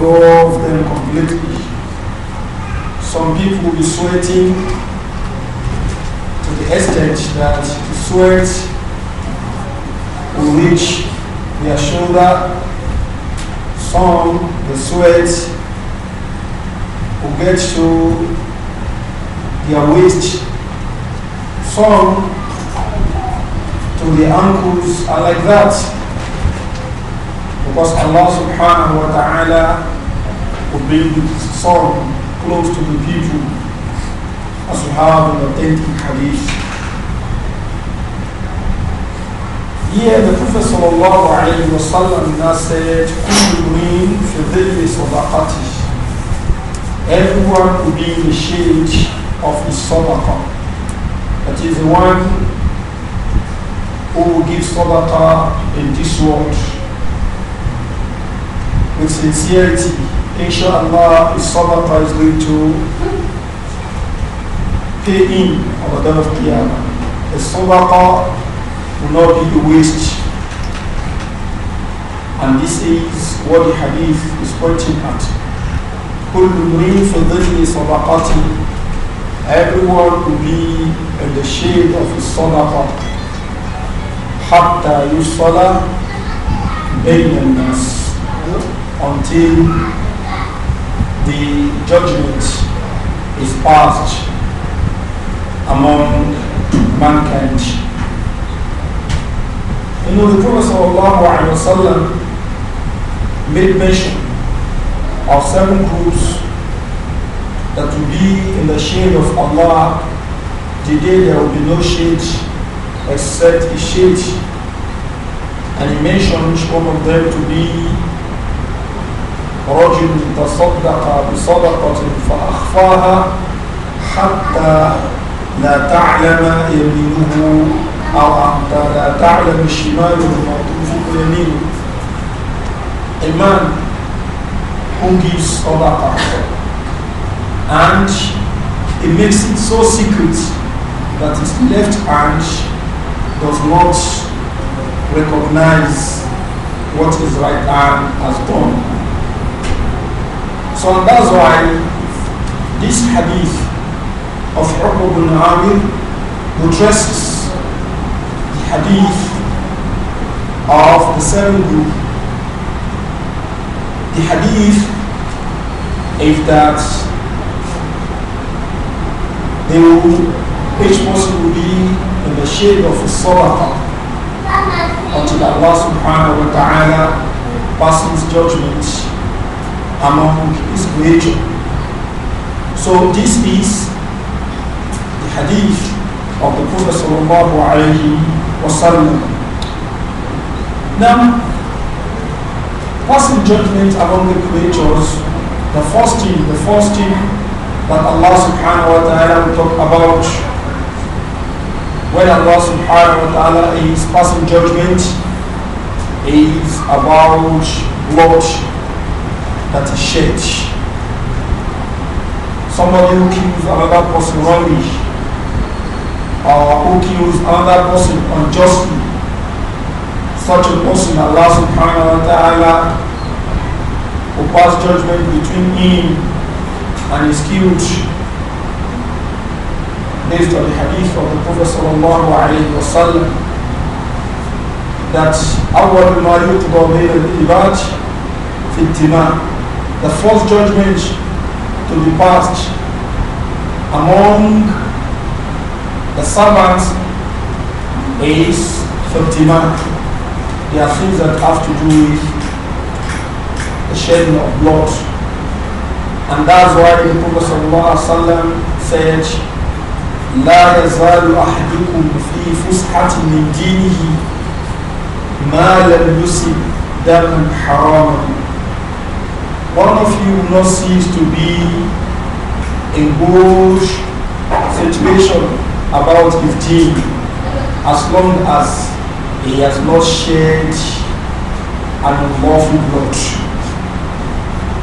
engulf them completely. Some people will be sweating to the extent that the sweat will reach their shoulder. Some, the sweat will get to their waist. Some to their ankles are like that. Because Allah subhanahu wa ta'ala will bring his son close to the people as we have in authentic hadith. Here the Prophet sallallahu alayhi wa sallam said, Kullurin fidhilli sadaqati. Everyone will be in the shade of his sadaqah. That is the one who will give sadaqah in this world with sincerity, inshallah, his sadaqa is going to pay in on the day of Qiyamah. His sadaqa will not be a waste. And this is what the hadith is pointing at. كل مرين في ظل صدقته Everyone will be in the shade of his sadaqah حتى يصلى بين الناس until the judgment is passed among mankind. You know, the Prophet ﷺ made mention of seven groups that will be in the shade of Allah. Today there will be no shade except a shade. And he mentioned one of them to be رجل تصدق بصدقة فأخفاها حتى لا تعلم يمينه أو حتى لا تعلم شماله ما تنفق يمينه A man who gives صدقة and he makes it so secret that his left hand does not recognize what his right hand has done. So that's why this hadith of Abu ibn Amir the hadith of the seven group. The hadith is that they will, each person will be in the shade of a sadaqa until Allah subhanahu wa ta'ala passes judgment among his creation. So this is the hadith of the Prophet sallallahu alaihi wasallam. Now, passing judgment among the creatures, the first thing, the first thing that Allah subhanahu wa ta'ala will talk about when Allah subhanahu wa ta'ala is passing judgment is about what that is shed. Somebody who kills another person wrongly, or who kills another person unjustly, such a person Allah subhanahu wa ta'ala will pass judgment between him and his guilt based on the hadith of the Prophet sallallahu alayhi wa sallam that أول ما يطبع بين العباد في الدماء the first judgment to be passed among the servants is 59. There are things that have to do with the shedding of blood. And that's why the Prophet said, لا يزال أحدكم في فسحة من دينه ما لم يصب دما حراما one of you will not cease to be in good situation about his as long as he has not shed an unlawful blood.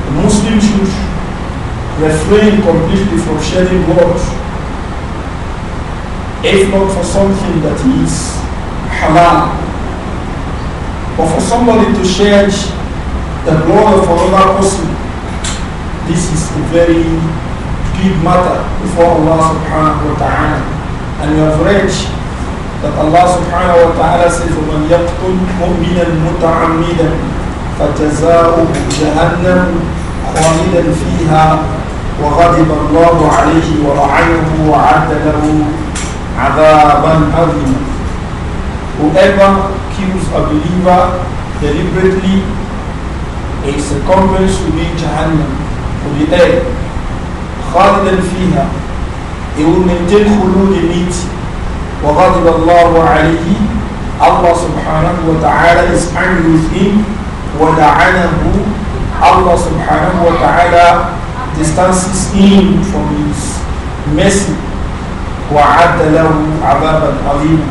A Muslim should refrain completely from shedding blood if not for something that is halal. But for somebody to shed the blood of Allah person. This is a very big matter before Allah subhanahu wa ta'ala. And we have read that Allah subhanahu wa ta'ala says, وَمَنْ يَقْتُلْ مُؤْمِنًا مُتَعَمِّدًا فَجَزَاؤُهُ جَهَنَّمُ خَالِدًا فِيهَا وغضب الله عليه ولعنه وعد له عذابا عظيما Whoever kills a believer deliberately his recompense will be Jahannam, will be خالدا فيها he will maintain خلود in it وغضب الله عليه Allah سبحانه وتعالى is angry with him وَلَعَنَهُ Allah distances him from his mercy وَعَدَّ لَهُ عَذَابًا عَظِيمًا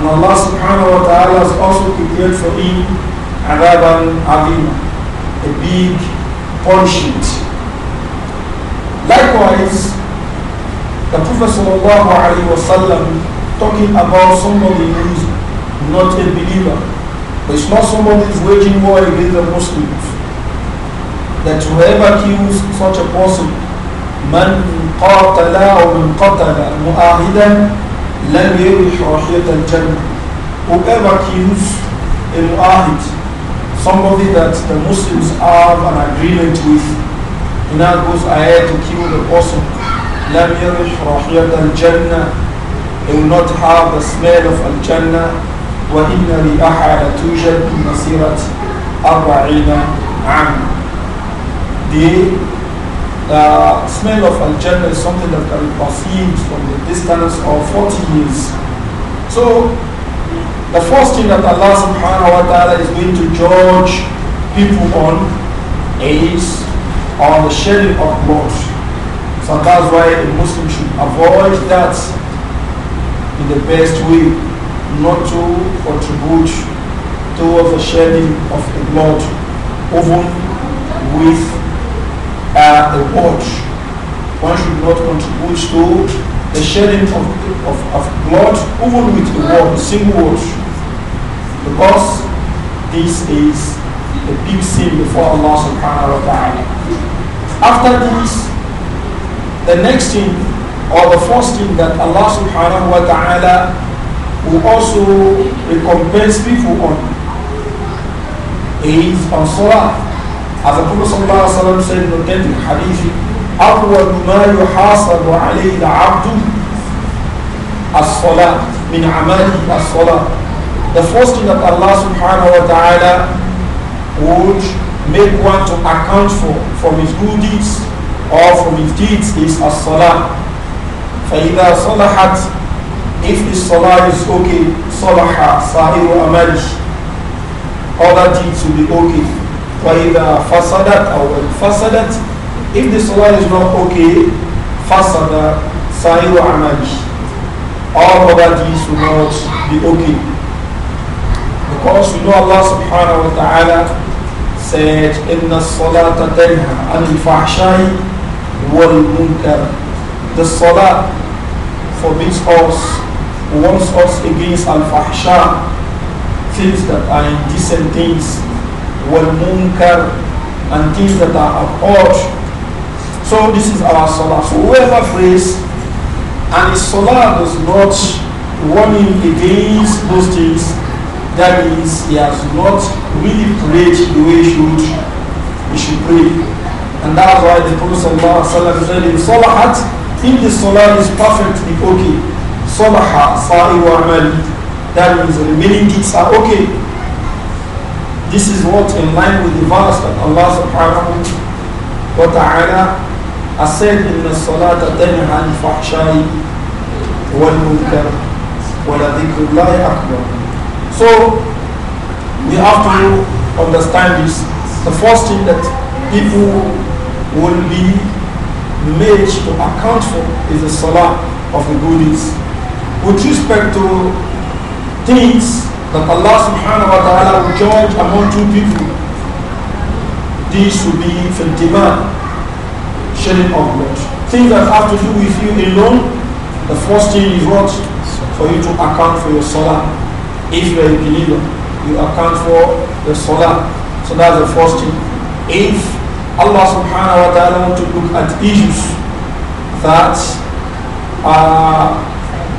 And Allah سبحانه وتعالى has also prepared for him عَذَابًا عَظِيمًا a big punishment. Likewise, the Prophet wasallam talking about somebody who is not a believer, but it's not somebody who is waging war against the Muslims. That whoever kills such a person, من قاتل أو من قتل مؤاهدا لن يرح رحية الجنة. Whoever kills a mu'ahid, somebody that the Muslims have an agreement with, he now goes ahead to kill the person. لم يرف رحية الجنة He will not have the smell of Al-Jannah وإن ريحها لتوجد مسيرة أربعين عام The uh, smell of Al-Jannah is something that can be perceived from the distance of 40 years. So the first thing that Allah subhanahu wa ta'ala is going to judge people on is on the shedding of blood. So that's why a Muslim should avoid that in the best way, not to contribute towards the shedding of the blood, even with uh, a watch. One should not contribute to the shedding of the of, of blood, even with the word, a single word. Because this is the big sin before Allah subhanahu wa ta'ala. After this, the next thing or the first thing that Allah subhanahu wa ta'ala will also recompense people on is on salah. As the Prophet sallallahu alayhi wa sallam said in the hadith, أول ما يحاسب عليه العبد as-salah, min amalihi as-salah. The first thing that Allah subhanahu wa ta'ala would make one to account for from his good deeds or from his deeds is as-salah. فَإِذَا صَلَحَتْ If the salah is okay, صَلَحَ سَائِرُ أَمَلِهِ Other deeds will be okay. وَإِذَا فَسَدَتْ أَوْ فَسَدَتْ If the salah is not okay, فَسَدَ سَائِرُ أَمَلِهِ all other deeds will not be okay. Because we know Allah subhanahu wa ta'ala said, إِنَّ الصَّلَاةَ تَنْهَى عَنِ wal Munkar." The salah forbids us, warns us against al-fahsha, things that are indecent things, wal-munkar, and things that are abhorred. So this is our salah. So whoever prays and his salah does not warn him against those things. That means he has not really prayed the way he should, he should pray. And that's why the Prophet said in Salahat, if the salah is perfectly okay, Salaha sa'i wa that means the remaining things are okay. This is what in line with the verse that Allah subhanahu wa ta'ala has said in the Salat tanha al-fahshai والمنكر ولذكر الله أكبر So we have to understand this. The first thing that people will be made to account for is the salah of the goodies. With respect to things that Allah subhanahu wa ta'ala will judge among two people, these will be fil demand, shedding of blood. Things that have to do with you alone the first thing is what? For you to account for your salah. If you are a believer, you account for your salah. So that's the first thing. If Allah subhanahu wa ta'ala want to look at issues that are, uh,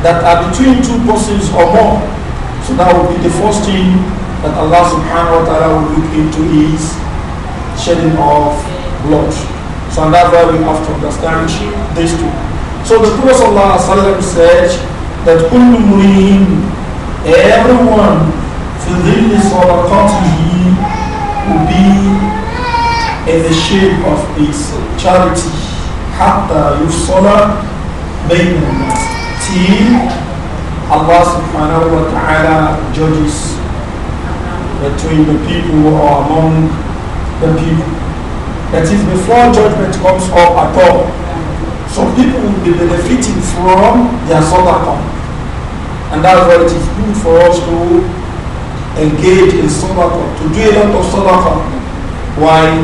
that are between two persons or more, so that will be the first thing that Allah subhanahu wa ta'ala will look into is shedding of blood. So that's why we have to understand these two. So the Prophet ﷺ said that Kullurim, everyone, to Sadaqatihi will be in the shape of its charity. Hatta Yusala Bainam Till Allah subhanahu wa ta'ala judges between the people or among the people. That is before judgment comes up at all. Some people will be benefiting from their sadaqah. And that's why it is good for us to engage in sadaqah, to do a lot of sadaqah while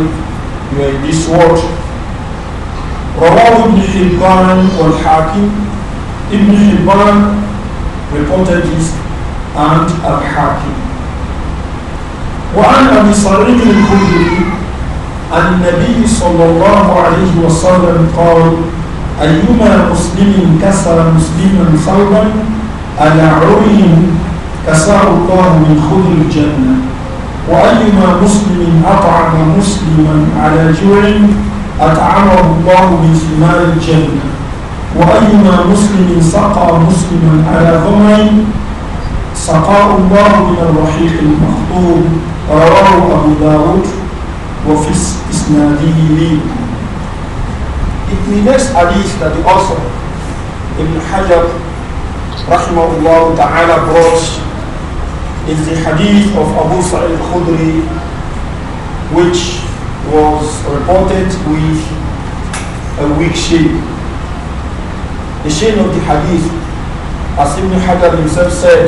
you are in this world. رواه ابن حبان والحاكم Ibn حبان reported this and al-Hakim. وعن أبي سعيد الخدري عن النبي صلى الله عليه وسلم قال أيما مسلم كسر مسلما صلبا على عري كسر الله من خذ الجنة وأيما مسلم أطعم مسلما على جوع أطعمه الله من ثمار الجنة وأيما مسلم سقى مسلما على ظمأ سقاه الله من الرحيق المخطوب رواه أبو داود وفي إسناده لي in the next hadith that the author, Ibn Hajar, rahimahullah ta'ala, brought is the hadith of Abu Sa'id khudri which was reported with a weak sheep. The sheep of the hadith, as Ibn Hajar himself said,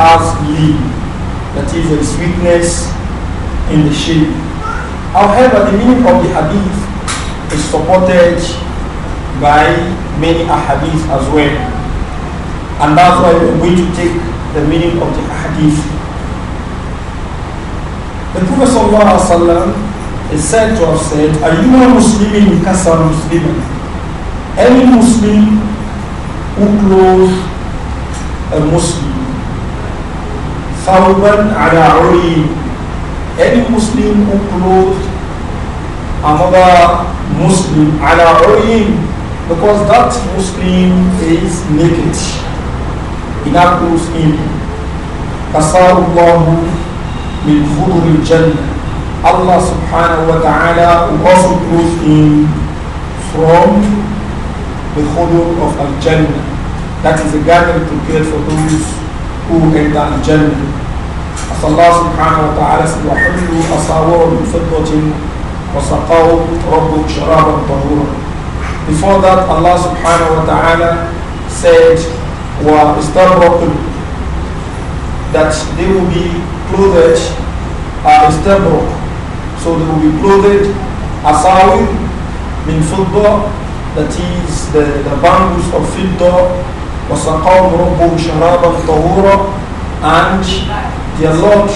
has lean. That is, a weakness in the sheep. However, the meaning of the hadith is supported by many ahadith as well. And that's why we're going to take the meaning of the ahadith. The Prophet ﷺ is said to have said, Ayyuma Muslimin kasar Muslim. Any Muslim who clothes a Muslim. Thawban ala Any Muslim who clothes another Muslim ala Oyin because that Muslim is naked. In that Muslim, Kasarullahu min khuduril Jannah. Allah subhanahu wa ta'ala also clothe him from the khudur of Al-Jannah. That is a garden prepared for those who enter Al-Jannah. As Allah subhanahu wa ta'ala said, وَحُلُّوا أَصَاوَرُ مِنْ فِضَّةٍ وَسَقَاهُمْ رَبُّهُمْ شَرَابًا طَهُورًا Before that, Allah subhanahu wa ta'ala said, وَإِسْتَبْرَقُمْ That they will be clothed, uh, istabrak. So they will be clothed, asawi, min fidda, that is the, the bangles of fidda, وَسَقَاهُمْ رَبُّهُمْ شَرَابًا tahura, And their Lord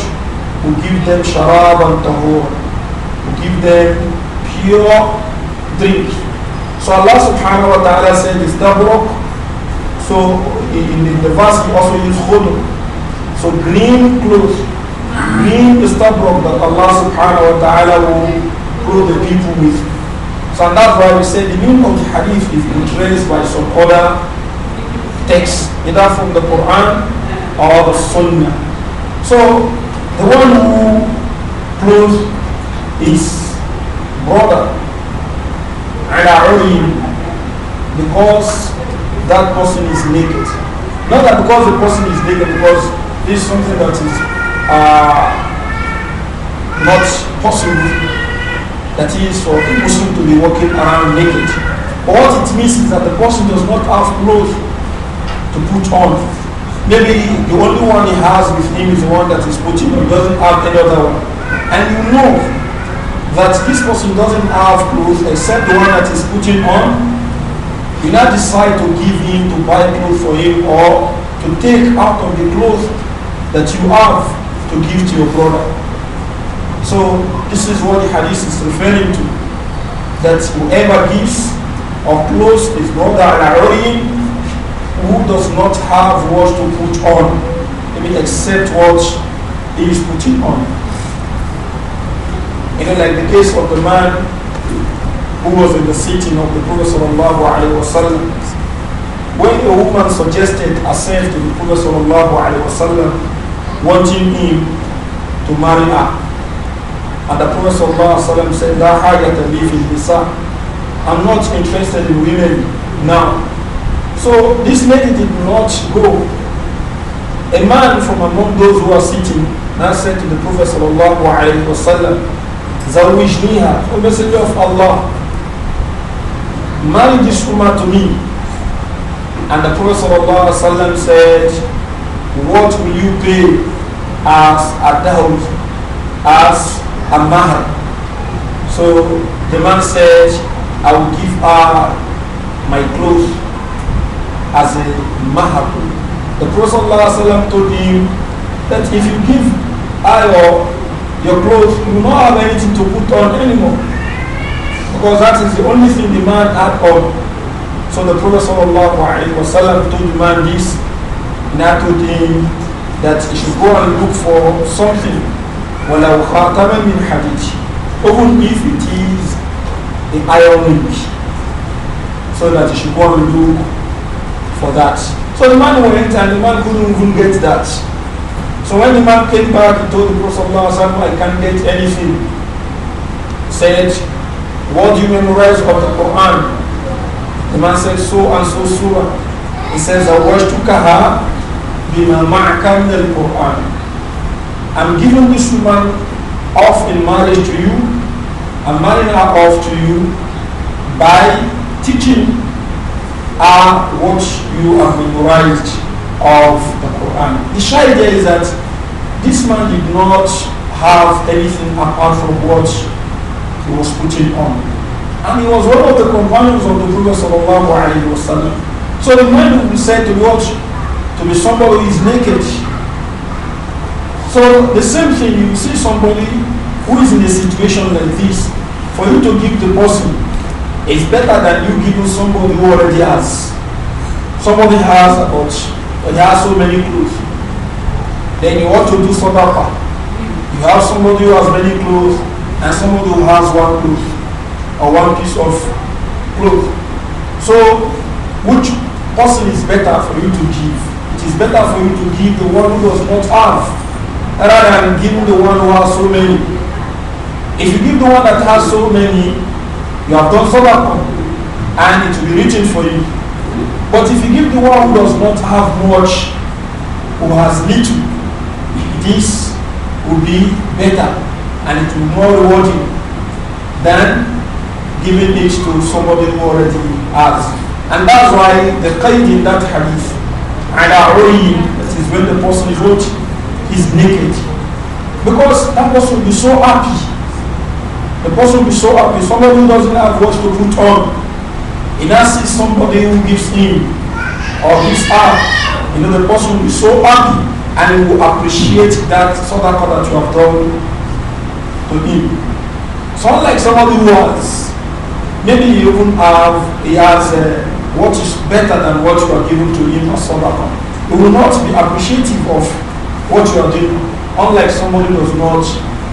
will give them sharab and give them pure drink. So Allah subhanahu wa ta'ala said is tabrak." So in, in the verse he also used khudu. So green clothes, green is tabrok that Allah subhanahu wa ta'ala will clothe the people with. So and that's why we said the meaning of the hadith is traced by some other texts, either from the Quran or the Sunnah. So the one who clothes his brother and because that person is naked. Not that because the person is naked, because this is something that is uh, not possible. That is for a Muslim to be walking around naked. But what it means is that the person does not have clothes to put on. Maybe the only one he has with him is the one that is putting on, he doesn't have any other one. And you know that this person doesn't have clothes except the one that is putting on, you now decide to give him, to buy clothes for him, or to take out of the clothes that you have to give to your brother. So this is what the hadith is referring to, that whoever gives or clothes his brother al-Ariyim who does not have what to put on, I except what he is putting on. You know, like the case of the man who was in the sitting of the Prophet sallallahu When a woman suggested herself to the Prophet sallallahu alaihi wanting him to marry her, and the Prophet sallallahu alaihi wasallam said, "La hajat in fil I'm not interested in women now. So this lady did not go. A man from among those who are sitting now said to the Prophet sallallahu Zawijniha, O Messenger of Allah, marry this woman to me. And the Prophet ﷺ said, What will you pay as a dowry, as a mahar? So the man said, I will give her my clothes as a mahar. The Prophet ﷺ told him that if you give her your your clothes, you will not have anything to put on anymore. Because that is the only thing the man had on. So the Prophet ﷺ told the man this, and I told him that he should go and look for something. وَلَوْ خَاتَمًا مِنْ حَدِيدٍ Even if it is the iron ring. So that he should go and look for that. So the man went and the man couldn't even get that. So when the man came back, he told the Prophet I can't get anything. said, what do you memorize of the Quran? The man said, so and so surah. He says, I to Tukaha bima ma'aka min al-Quran. I'm giving this woman off in marriage to you. I'm marrying her off to you by teaching are what you have memorized of the Quran. The idea is that this man did not have anything apart from what he was putting on. And he was one of the companions of the Prophet So the man who said to watch to be somebody who is naked. So the same thing you see somebody who is in a situation like this, for you to give the person is better than you giving somebody who already has. Somebody has about but there are so many clothes. Then you want to do sadaqa. You have somebody who has many clothes and somebody who has one clothes or one piece of clothes. So which person is better for you to give? It is better for you to give the one who does not have rather than giving the one who has so many. If you give the one that has so many, you have done sadaqa and it will be written for you. But if you give the one who does not have much, who has little, this will be better and it will be more rewarding than giving it to somebody who already has. And that's why the qaid in that hadith, ala'uyin, that is when the person is is naked. Because that person will be so happy. The person will be so happy. Somebody who doesn't have what to put on he now sees somebody who gives him or gives her. You know, the person will be so happy and he will appreciate that sort sadaqa that you have done to him. So unlike somebody who has, maybe he even have, he has uh, what is better than what you are giving to him as sadaqa. He will not be appreciative of what you are doing, unlike somebody who does not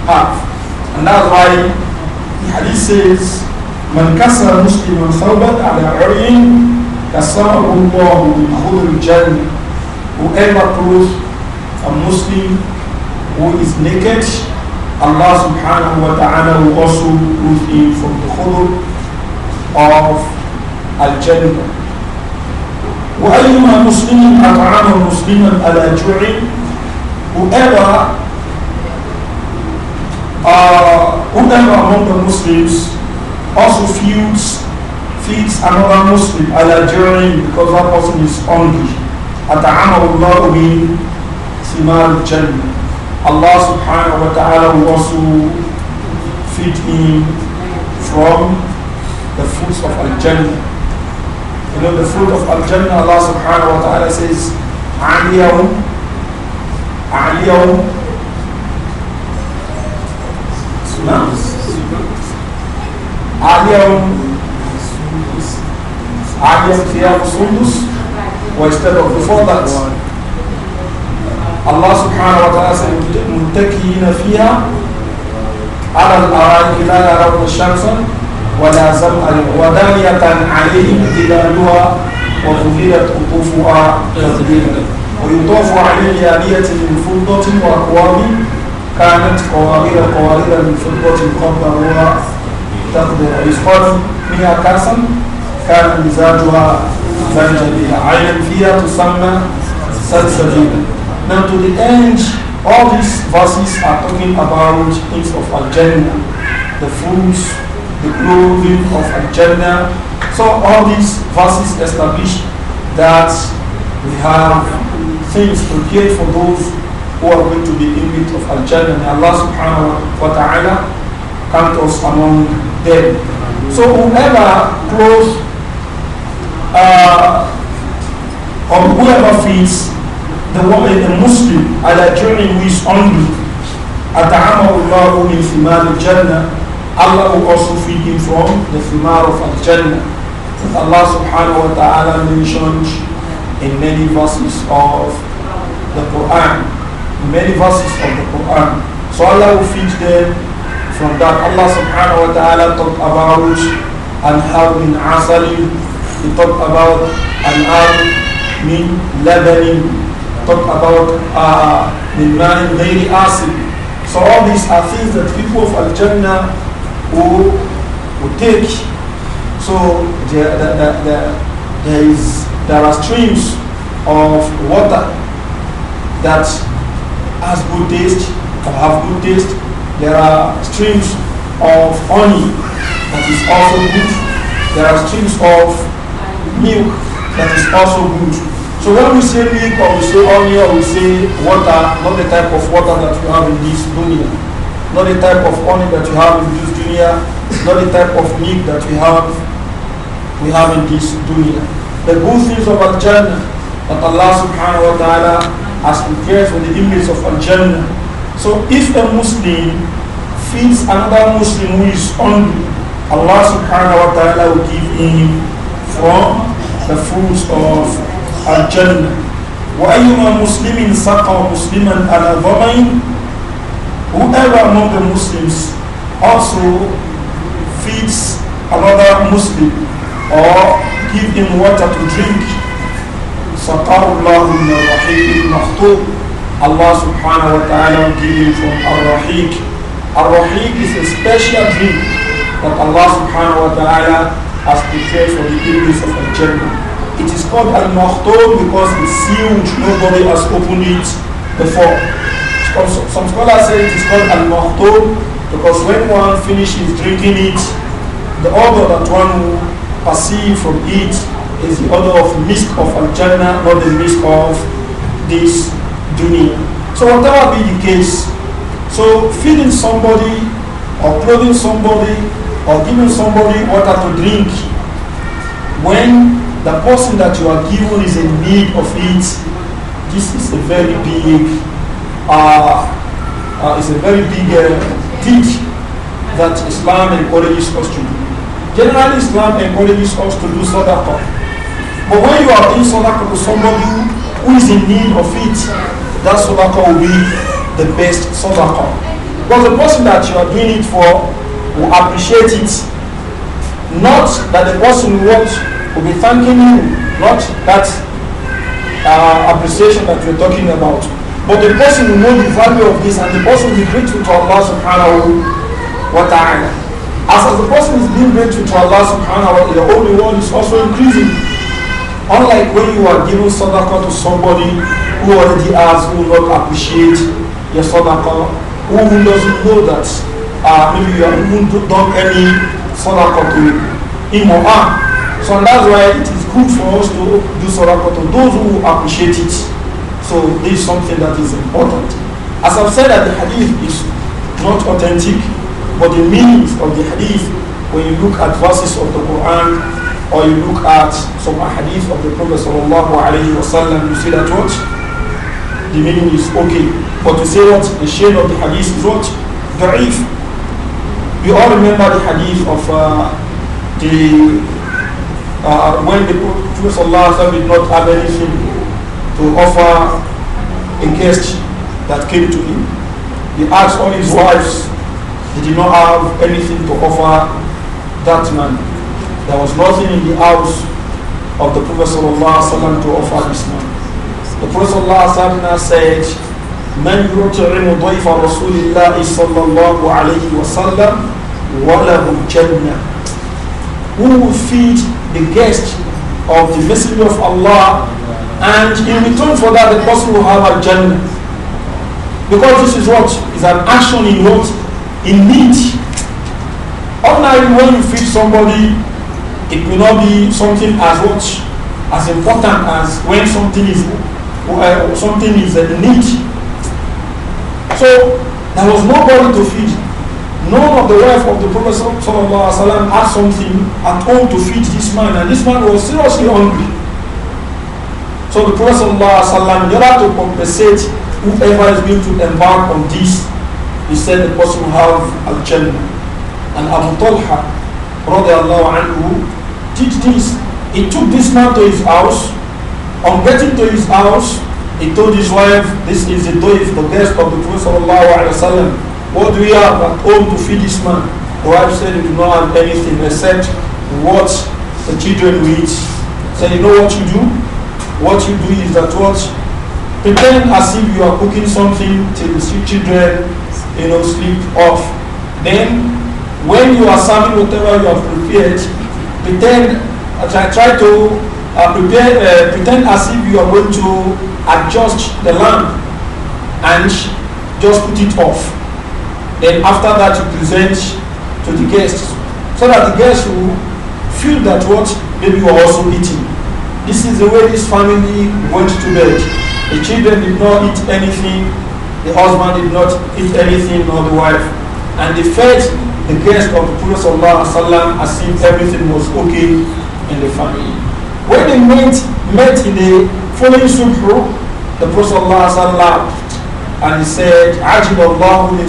have. And that's why the hadith says, من كسر مسلما ثوبا على عري كسره الله من خضر الجنة whoever clothes a Muslim who is naked Allah subhanahu wa ta'ala will also clothe him from the khudr of al وأيما مسلم أطعم مسلما على جوع whoever uh, whoever among the Muslims also feeds, feeds another Muslim a journey because that person is hungry. أَتَعَمَهُ اللَّهُ مِنْ ثِمَارِ الْجَنَّةِ Allah subhanahu wa ta'ala will also feed him from the fruits of Al-Jannah. You know the fruit of Al-Jannah, Allah subhanahu wa ta'ala says, عَلِيَهُمْ عَلِيَهُمْ Now, عليهم عليهم ثياب سندس في فضلات الله سبحانه وتعالى متكئين فيها على الأرائك لا يرون الشمس ولا زم ودانية عليهم ظلالها وظللت قطوفها تذليلا ويطاف عليه آلية من فضة وأكواب كانت قوارير قوارير من فضة قدروها كان مزاجها فيها تسمى Now to the end, all these verses are talking about things of Al-Jannah, the foods, the clothing of Al-Jannah. So all these verses establish that we have things prepared for those who are going to be in need of Al-Jannah. May Allah subhanahu wa ta'ala count us among them. So whoever grows uh, or whoever feeds the woman, a Muslim, and a journey who is hungry, jannah Allah will also feed him from the fimal of al-jannah. Allah subhanahu wa ta'ala mentioned in many verses of the Quran. many verses of the Quran. So Allah will feed them from that. Allah subhanahu wa ta'ala talked about an how min asali, he talked about an how mean lebanin, talked about uh, min ma'in ghairi asib. So all these are things that people of Al-Jannah will, will take. So there, there, there, there, is, there are streams of water that has good taste or have good taste there are streams of honey that is also good. There are streams of milk that is also good. So when we say milk or we say honey or we say water, not the type of water that you have in this dunya, not the type of honey that you have in this dunya, not the type of milk that we have we have in this dunya. The good things of Al-Jannah that Allah subhanahu wa ta'ala has prepared for the inmates of Al-Jannah so if a Muslim feeds another Muslim who is hungry, Allah subhanahu wa ta'ala will give him from the fruits of Al-Jannah. وَأَيُّمَا مُسْلِمٍ سَقَى مُسْلِمًا عَلَى ظَمَيْنٍ Whoever among the Muslims also feeds another Muslim or give him water to drink, سَقَى اللَّهُ مِنَ الرَّحِيمِ الْمَخْتُوبِ Allah subhanahu wa ta'ala will give from Ar-Rahiq. Ar-Rahiq is a special drink that Allah subhanahu wa ta'ala has prepared for the enemies of Al-Jannah. It is called al maqtul because it's sealed, nobody has opened it before. Some, scholars say it is called al maqtul because when one finishes drinking it, the odor that one perceives from it is the odor of mist of Al-Jannah, not the mist of this so whatever be the case, so feeding somebody or clothing somebody or giving somebody water to drink when the person that you are given is in need of it, this is a very big, uh, uh, it's a very big uh, deed that Islam encourages us to do. Generally, Islam encourages us to do sadaqah. But when you are doing sadaqah to somebody who is in need of it, that sadaqah will be the best sadaqah. But the person that you are doing it for will appreciate it. Not that the person what will be thanking you, not that uh, appreciation that you are talking about. But the person will know the value of this and the person will be grateful to Allah subhanahu wa ta'ala. As, as the person is being grateful to Allah subhanahu wa ta'ala, the only world is also increasing. Unlike when you are giving sadaqah to somebody who already has, who will not appreciate your sadaqah, who doesn't know that uh, maybe you haven't done any sadaqah to him or her. So that's why it is good for us to do sadaqah to those who appreciate it. So this is something that is important. As I've said that the hadith is not authentic, but the meanings of the hadith, when you look at verses of the Quran, or you look at some hadith of the Prophet sallallahu alaihi wasallam, you see that what? the meaning is okay. But to say what the shade of the hadith is what? Da'if. We all remember the hadith of uh, the uh, when the Prophet Allah did not have anything to offer a guest that came to him. He asked all his wives, they did not have anything to offer that man. There was nothing in the house of the Prophet to offer this man. The Prophet ﷺ said, من يطعم ضيف رسول الله صلى الله عليه وسلم وله الجنة Who will feed the guest of the Messenger of Allah and in return for that the person will have a Jannah because this is what is an action in what in need ordinarily when you feed somebody it will not be something as much as important as when something is or uh, something is in uh, need. So there was nobody to feed. None of the wife of the Prophet had something at all to feed this man, and this man was seriously hungry. So the Prophet, in order to compensate whoever is going to embark on this, he said the person will have al jannah And Abu Talha, anhu, did this. He took this man to his house on getting to his house, he told his wife, This is the doif, the guest of the Prophet. What do we have at home to feed this man? The wife said, We do not have anything except what the children will eat. So you know what you do? What you do is that what pretend as if you are cooking something till the children you know sleep off. Then when you are serving whatever you have prepared, pretend try, try to uh, prepare, uh, pretend as if you are going to adjust the lamp and just put it off. Then after that you present to the guests so that the guests will feel that what maybe you are also eating. This is the way this family went to bed. The children did not eat anything, the husband did not eat anything, nor the wife. And they fed the guests of the Prophet as if everything was okay in the family. When they met, met in the following sutra, the Prophet laughed and he said, Ajib Allahu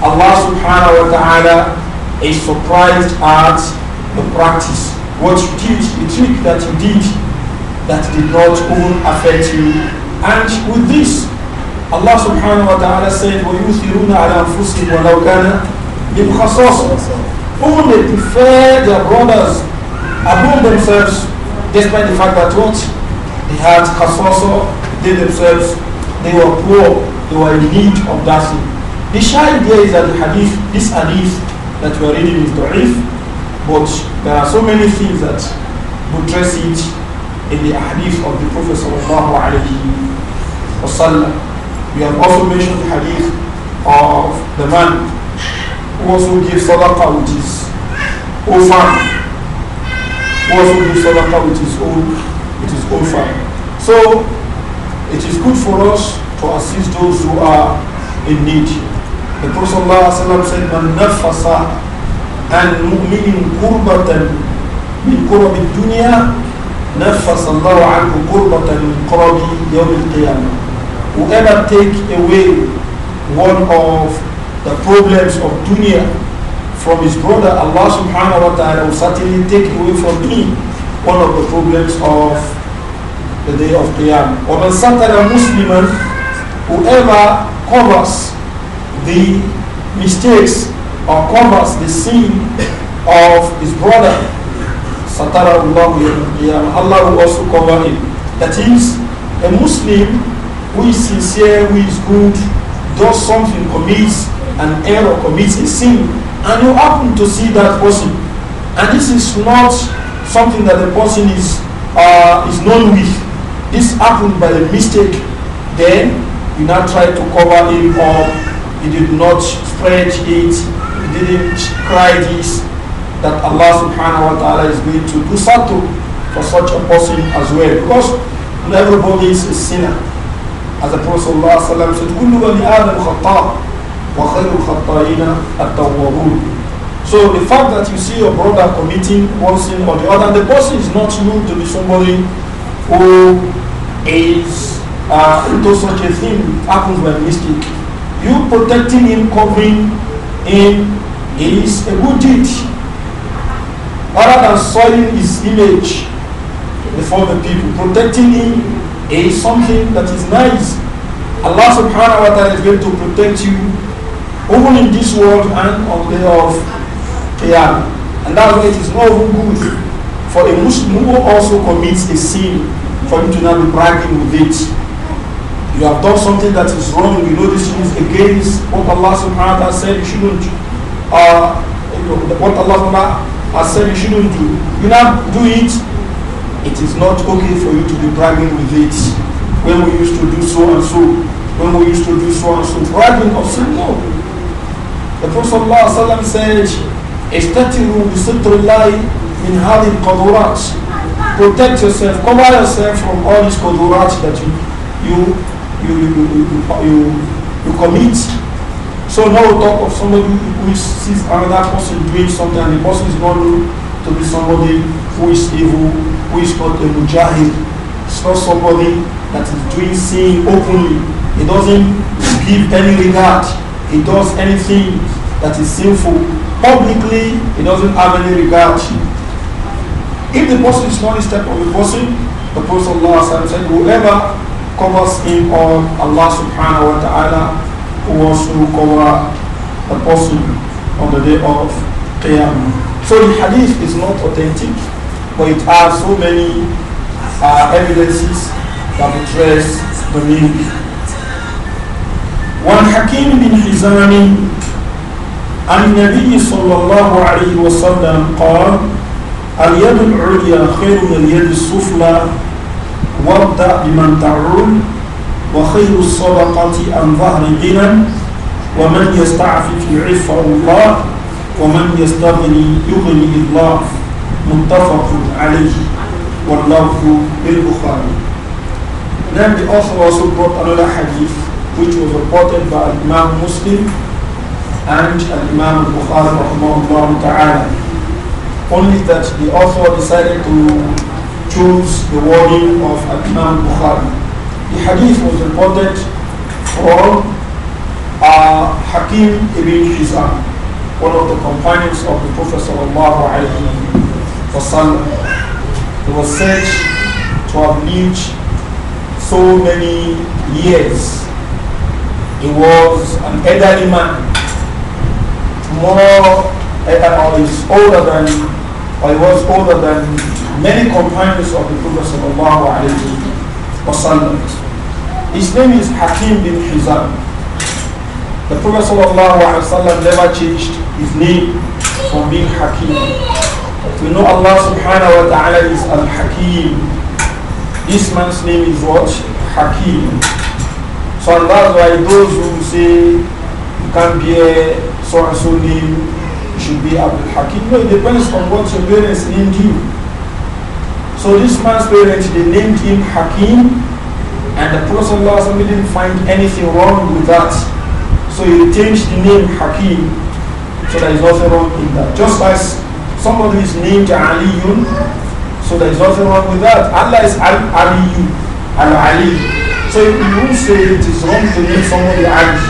Allah subhanahu wa ta'ala is surprised at the practice. What you did, the trick that you did, that did not even affect you. And with this, Allah subhanahu wa ta'ala said, وَيُثِرُونَ عَلَى أَنفُسِهِمْ وَلَوْ كَانَ بِهِمْ خَصَاصًا Whom they prefer their brothers are themselves, despite the fact that what they had kasoso, they themselves, they were poor, they were in need of that thing. The shy idea is that the hadith, this hadith that we are reading is da'if, but there are so many things that buttress it in the hadith of the Prophet sallallahu alaihi wasallam. We have also mentioned the hadith of the man who also gives sadaqah which is also do sadaqah with his own with his own fire. So it is good for us to assist those who are in need. The Prophet ﷺ said, Man nafasa an mu'minin kurbatan min kurabi dunya nafasa Allah anhu kurbatan min kurabi yawm al-qiyamah. Whoever take away one of the problems of dunya from his brother, Allah subhanahu wa ta'ala will certainly take away from him one of the problems of the day of Qiyam. وَمَنْ a Muslim, Whoever covers the mistakes or covers the sin of his brother, satara اللَّهُ يَوْمَ Allah will also cover him. That is, a Muslim who is sincere, who is good, does something, commits an error, commits a sin, and you happen to see that person and this is not something that the person is uh, is known with this happened by a mistake then you now try to cover him up You did not spread it You didn't cry this that Allah subhanahu wa ta'ala is going to do something for such a person as well because everybody is a sinner as the Prophet said, كل بني آدم خطاء وَخَيْرُ الْخَطَّائِينَ التَّوَّابُونَ So the fact that you see your brother committing one sin or the other, the person is not known to be somebody who is uh, into such a thing happens by mistake. You protecting him, covering him is a good deed. Rather than soiling his image before the people, protecting him is something that is nice. Allah subhanahu wa ta'ala is going to protect you even in this world and on the day of Qiyam. And that's why it is not good for a Muslim who also commits a sin for him to not be bragging with it. You have done something that is wrong. You know this is against what Allah subhanahu wa ta'ala said you shouldn't uh, what Allah subhanahu wa said you shouldn't do. You now do it, it is not okay for you to be bragging with it. When we used to do so and so, when we used to do so and so, bragging of sin, no. The Prophet ﷺ said, افتتنوا بستر min hadi' هذه القدرات Protect yourself, cover yourself from all these qadurat that you you you you, you, you, you commit. So now talk of somebody who sees another person doing something the person is going to be somebody who is evil, who is not a mujahid. It's not somebody that is doing sin openly. He doesn't give any regard he does anything that is sinful publicly, he doesn't have any regard. If the person is not a step of the person, the Prophet Allah said, whoever covers him or Allah subhanahu wa ta'ala wants to cover the person on the day of Qiyamah. So the hadith is not authentic, but it has so many uh, evidences that address the meaning. وعن حكيم بن حزام عن النبي صلى الله عليه وسلم قال اليد العليا خير من اليد السفلى وابدأ بمن تعول وخير الصدقة عن ظهر غنى ومن يستعفف يعفه الله ومن يستغني يغني الله متفق عليه والله للبخاري. Then the author also brought another hadith which was reported by Imam Muslim and Imam Bukhari rahimahullah ta'ala. Only that the author decided to choose the wording of Imam Bukhari. The hadith was reported from uh, Hakim ibn Hizam, one of the companions of the Prophet sallallahu alayhi wasallam. He was said to have lived so many years he was an elderly man, more eh, eh, or is older than or he was older than many companions of the Prophet sallallahu alaihi wasallam. His name is Hakim bin Hizam. The Prophet sallallahu alaihi wasallam never changed his name from being Hakim. We know Allah subhanahu wa taala is Al Hakim. This man's name is what Hakim. So that's why those who say you can't be a so and so name should be Abdul Hakim. No, it depends on what your parents named you. So this man's parents they named him Hakim and the Prophet didn't find anything wrong with that. So he changed the name Hakim. So there is nothing wrong in that. Just as somebody is named Aliyun, so there is nothing wrong with that. Allah is Al Aliyun, Al Ali. So you will say it is wrong to make someone marriage.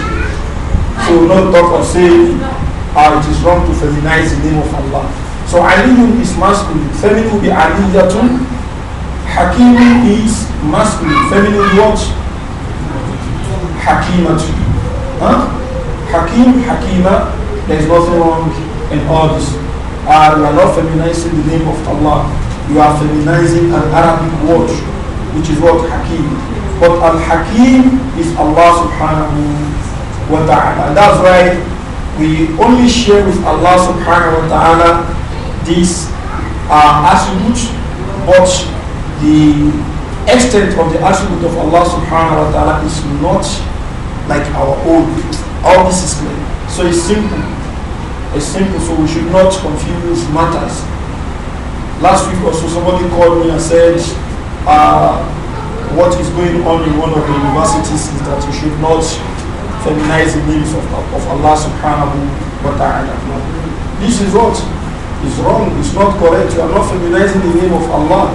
So not talk or say, uh, ah, it is wrong to feminize the name of Allah. So Aliyun is masculine, feminine will be Aliyatun. Hakimun is masculine, feminine what? Hakimatu. Huh? Hakim, Hakima, there is nothing wrong in all this. Uh, you are not feminizing the name of Allah. You are feminizing an Arabic word, which is what Hakim. But Al-Hakim is Allah subhanahu wa ta'ala. That's why we only share with Allah subhanahu wa ta'ala these uh, attributes, but the extent of the attribute of Allah subhanahu wa ta'ala is not like our own. All this is clear. So it's simple. It's simple, so we should not confuse matters. Last week or so, somebody called me and said, uh, what is going on in one of the universities is that you should not feminize the names of, of Allah subhanahu wa ta'ala. This is what is wrong, it's not correct. You are not feminizing the name of Allah.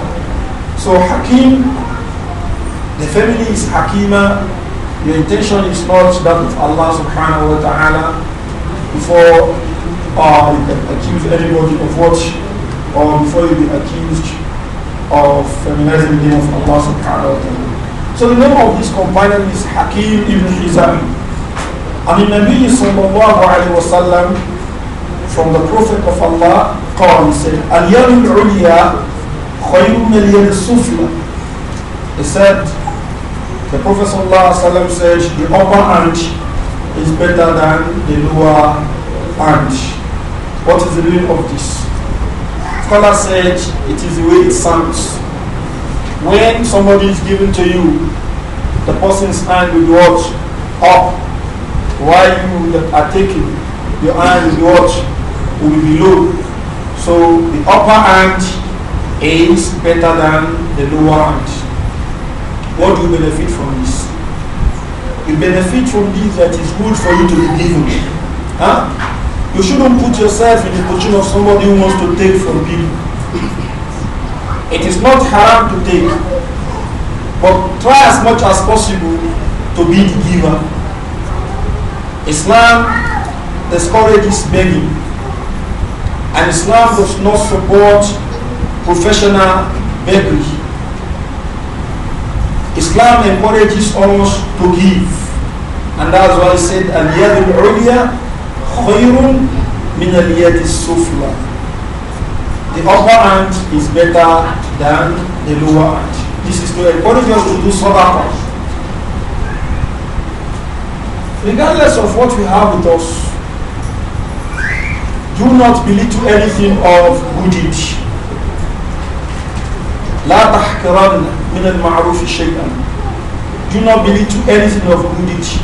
So Hakim, the family is Hakima, your intention is not that of Allah subhanahu wa ta'ala before uh, you can accuse anybody of what or before you be accused of feminizing the name of Allah subhanahu wa ta'ala. So the name of this companion is Hakim ibn Hizam. And the Nabi sallallahu alayhi wa sallam from the Prophet of Allah قال said اليد العليا خير من اليد Sufla." He said the Prophet sallallahu alayhi wa sallam said the upper hand is better than the lower hand. What is the meaning of this? scholar said it is the way it sounds. When somebody is given to you, the person's hand will watch Up. While you are taking, your hand will watch Will be below. So the upper hand is better than the lower hand. What do you benefit from this? You benefit from this that is good for you to be given. Huh? You shouldn't put yourself in the position of somebody who wants to take from people. It is not haram to take, but try as much as possible to be the giver. Islam discourages begging, and Islam does not support professional begging. Islam encourages us to give, and that's why I said, earlier. خير من اليد السفلى the upper hand is better than the lower hand this is to encourage us to do sadaqah regardless of what we have with us do not belittle anything of good deed لا تحقرن من المعروف شيئا do not belittle anything of good deed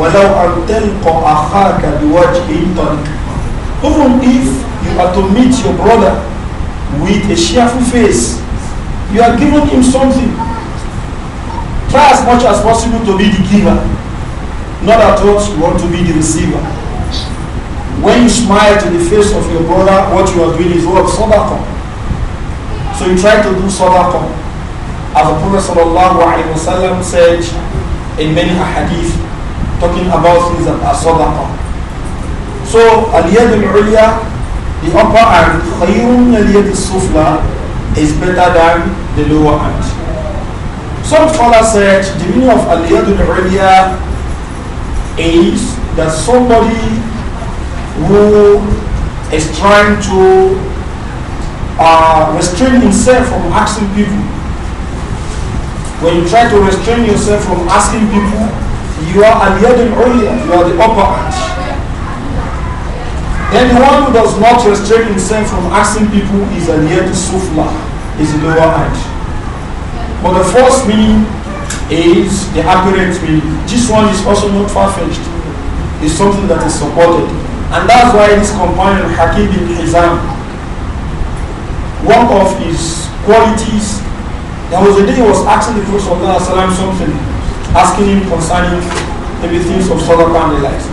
وَلَوْ أَنْ تَلْقَ أَخَاكَ بِوَجْهٍ Even if you are to meet your brother with a cheerful face, you are giving him something. Try as much as possible to be the giver, not at what you want to be the receiver. When you smile to the face of your brother, what you are doing is what? Sadaqah. So you try to do sadaqah. As the Prophet ﷺ said in many hadith, talking about things that are sadaqah. So al al-ulya, the upper hand, khayun al al-sufla, is better than the lower hand. Some scholars said the meaning of aliyah yad al-ulya is that somebody who is trying to uh, restrain himself from asking people. When you try to restrain yourself from asking people, you are al-yadul you are the upper hand. Anyone who does not restrain himself from asking people is a to sufla, is the lower hand. But the first meaning is the apparent meaning. This one is also not far-fetched. It's something that is supported. And that's why his companion Hakim bin Hizam, one of his qualities, there was a day he was asking the Prophet something asking him concerning maybe things of sadaqah and the likes.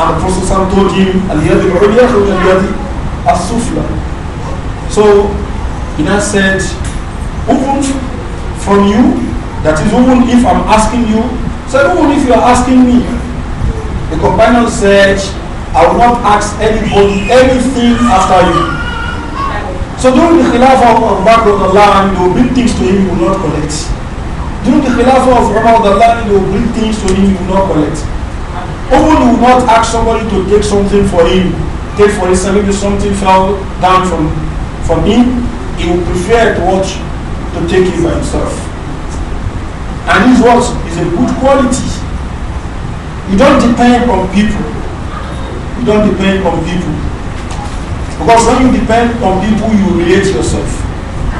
And the Prophet told him, Al-Yadi al-Yadi al-Sufla. So, he now said, even from you, that is even if I'm asking you, so even if you are asking me, the companion said, I will not ask anybody anything after you. So during the Khilafah of Bakr, Allah, and the big things to him will not collect. During the Khilafah of Umar, they will bring things to him, he will not collect. Even he will not ask somebody to take something for him. Take for instance, maybe something fell down from, from him, he will prefer to watch to take it by himself. And his watch is a good quality. You don't depend on people. You don't depend on people. Because when you depend on people, you relate yourself.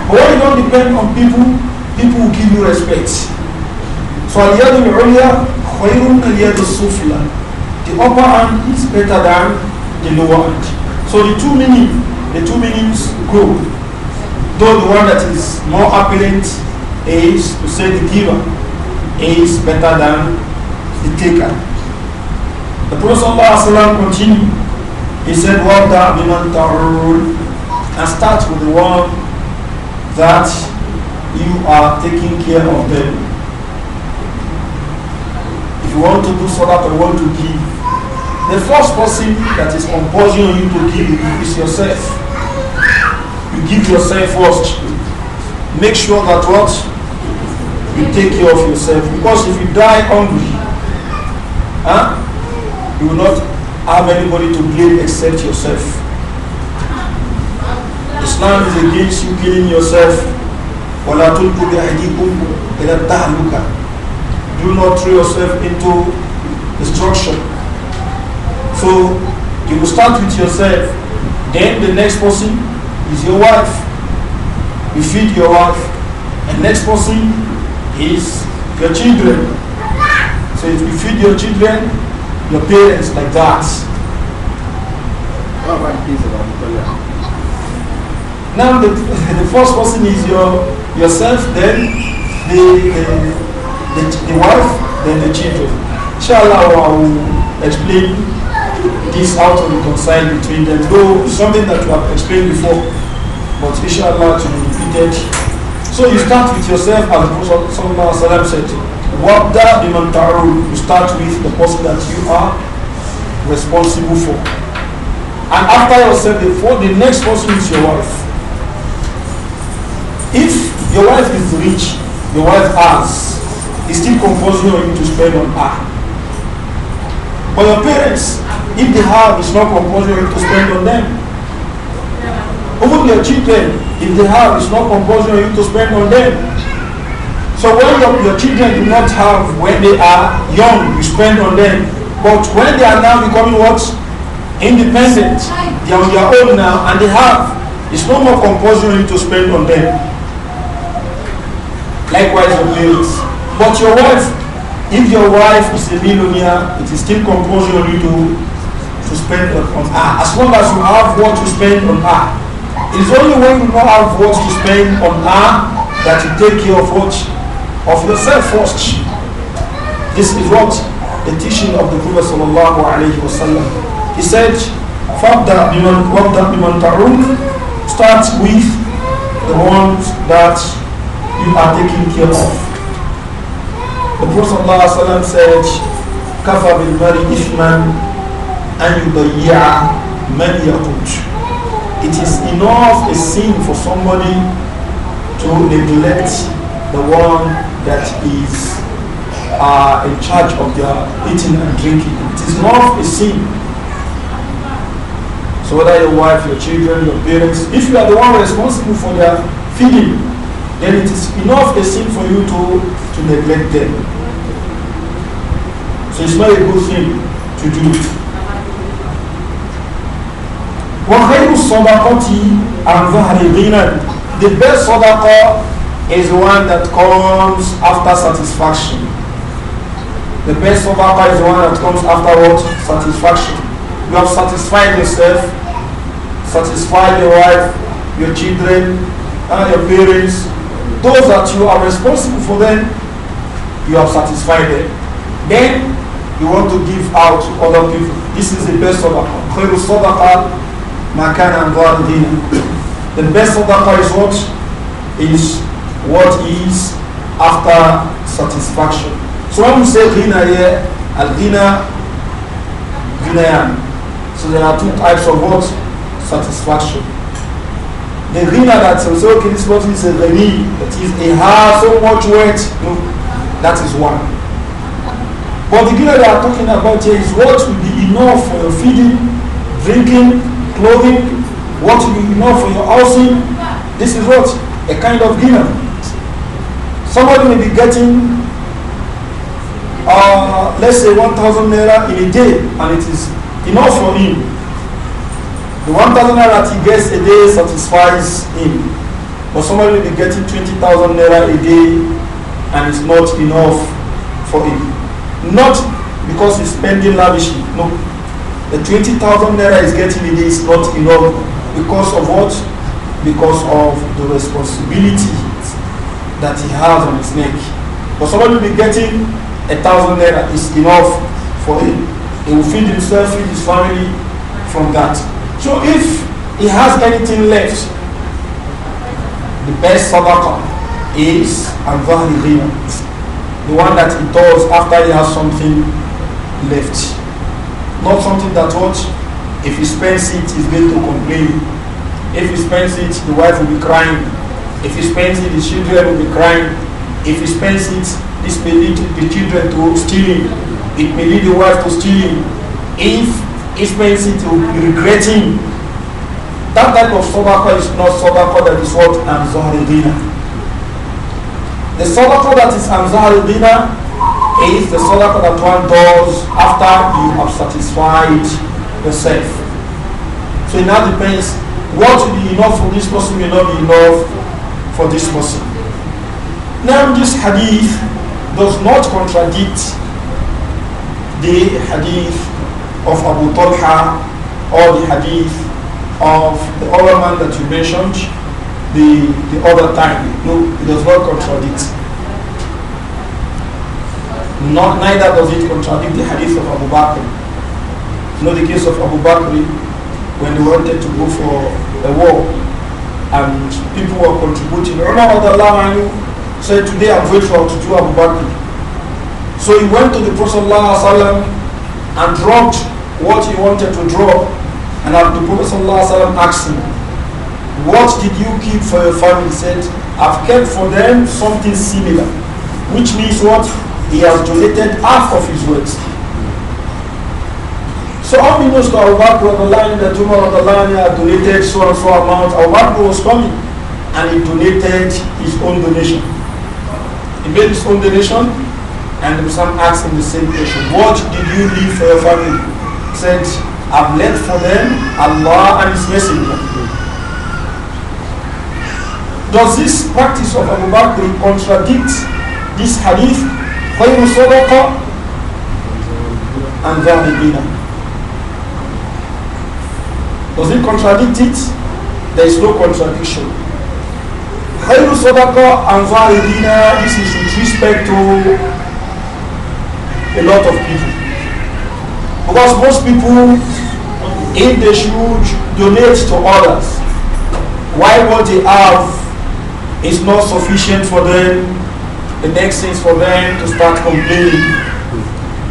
But when you don't depend on people, people will give you respect. So Aliyadu Uriya, Khairun Aliyadu Sufla. The upper hand is better than the lower hand. So the two meaning, the two meanings go. Though the one that is more apparent is to say the giver is better than the taker. The Prophet continued. He said, Wabda that rule and start with the one that you are taking care of them. If you want to do so that you want to give, the first person that is compulsion you to give is yourself. You give yourself first. Make sure that what you take care of yourself. Because if you die hungry, huh, you will not have anybody to blame except yourself. Islam is against you killing yourself. وَلَا تُلْقُوا بِأَيْدِيكُمْ إِلَى التَّهْلُكَةِ Do not throw yourself into destruction. So you will start with yourself. Then the next person is your wife. You feed your wife. And next person is your children. So if you feed your children, your parents like that. Now the, the first person is your yourself, then the, the, the, the wife, then the children. Inshallah, I will explain this how to reconcile between them. Though something that we have explained before, but inshallah to be repeated. So you start with yourself as Prophet said, Wabda biman You start with the person that you are responsible for. And after yourself, the, the next person is your wife. If your wife is rich, your wife has. It's still compulsory on you to spend on her. But your parents, if they have, it's not compulsory to spend on them. Even your children, if they have, it's not compulsory on you to spend on them. So when your, your children do not have, when they are young, you spend on them. But when they are now becoming what? Independent. They are on their own now and they have. It's no more compulsory to spend on them. Likewise your parents. But your wife, if your wife is a millionaire, it is still compulsory on you to, to spend on, on her. As long as you have what to spend on her. It's only when you don't have what to spend on her that you take care of what of yourself first. This is what the teaching of the Prophet sallallahu alaihi wasallam. He said, "Fabda biman, fabda biman ta'un." Start with the ones that you are taken care of. The Prophet said, Kafa bil mari ithman an yudayya man yakut. It is enough a sin for somebody to neglect the one that is uh, in charge of their eating and drinking. It is not a sin. So whether your wife, your children, your parents, if you are the one responsible for their feeding, then it is enough a sin for you to, to neglect them. So it's not a good thing to do. وخير الصدقة عن ظهر The best صدقة is the one that comes after satisfaction. The best صدقة is the one that comes after what? Satisfaction. You have satisfied yourself, satisfied your wife, your children, and your parents, those that you are responsible for them, you have satisfied them. Then you want to give out to other people. This is the best of Khairu sadaqah, makan and The best of sadaqah is what is what is after satisfaction. So when we say ghina here, al ghina, ghinayan. So there are two types of what satisfaction. The ghina that says, okay, this person is a ghani, that is, he has so much weight. No, that is one. But the ghina they are talking about here is what will be enough for your feeding, drinking, clothing, what will be enough for your housing. This is what? A kind of ghina. Somebody may be getting, uh, let's say, 1,000 naira in a day, and it is enough for him. The 1,000 naira that he gets a day satisfies him. But somebody will be getting 20,000 naira a day and it's not enough for him. Not because he's spending lavishly. No. The 20,000 naira he's getting a day is not enough because of what? Because of the responsibility that he has on his neck. But somebody will be getting a thousand naira is enough for him. He will feed himself, feed his family from that. So if he has anything left, the best sadaqah is al-dhahri The one that he does after he has something left. Not something that what? If he spends it, he's going to complain. If he spends it, the wife will be crying. If he spends it, the children will be crying. If he spends it, this may lead the children to stealing. It may lead the wife to stealing. If which means it will be regretting. That type of sadaqah is not sadaqah that is what Anzaridina. The sadaqah that is Anzaridina is the sadaqah that one does after you have satisfied yourself. So it now depends what will be enough for this person may not be enough for this person. Now this hadith does not contradict the hadith of Abu Talha or the hadith of the other man that you mentioned the, the other time. No, it does not contradict. Not, neither does it contradict the hadith of Abu Bakr. You know the case of Abu Bakr when they wanted to go for a war and people were contributing. Umar said, today I'm grateful to do Abu Bakr. So he went to the Prophet and dropped what he wanted to draw. And the Prophet ﷺ asked him, What did you keep for your family? He said, I've kept for them something similar, which means what? He has donated half of his wealth. So unbeknownst to Abu Bakr of the line, that tumor the line had donated so and so amount. Abu was coming and he donated his own donation. He made his own donation and Muslim asked him the same question. What did you leave for your family? said, I've left for them Allah and His Messenger. Does this practice of Abu Bakr contradict this hadith? خير sadaqa, and ذهبنا Does it contradict it? There is no contradiction. خير sadaqa and ذهبنا This is with respect to a lot of people. Because most people, if they should donate to others, why what they have is not sufficient for them, the next thing is for them to start complaining.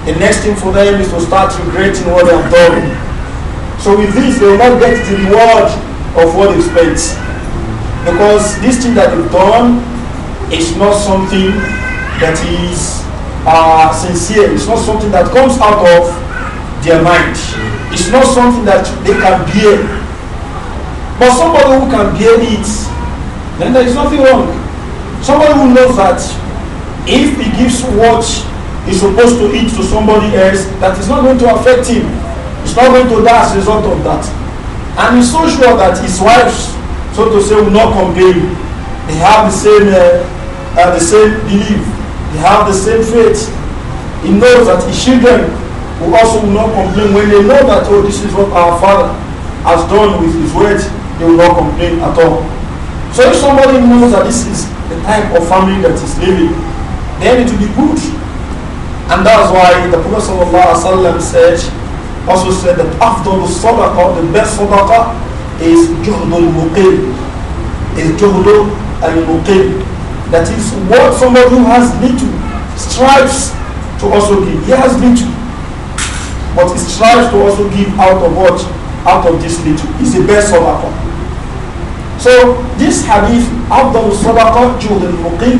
The next thing for them is to start regretting what they have done. So with this, they will not get the reward of what they spent. Because this thing that they've done is not something that is uh, sincere. It's not something that comes out of their mind. It's not something that they can bear. But somebody who can bear it, then there is nothing wrong. Somebody who knows that if he gives what he's supposed to eat to somebody else, that is not going to affect him. It's not going to die as a result of that. And he's so sure that his wife, so to say, will not complain. They have the same, uh, uh, the same belief. They have the same faith. He knows that his children who also will not complain when they know that, oh, this is what our father has done with his words, they will not complain at all. So if somebody knows that this is the type of family that is living, then it will be good. And that's why the Prophet said, also said that after the sadaqah, the best sadaqah is juhdul muqim, is juhdul al-muqim. That is what somebody who has little strives to also give. He has to. But he strives to also give out of what? Out of this little. is the best sadaqah. So this hadith, Abdul Sadaqah, Judul Muqim,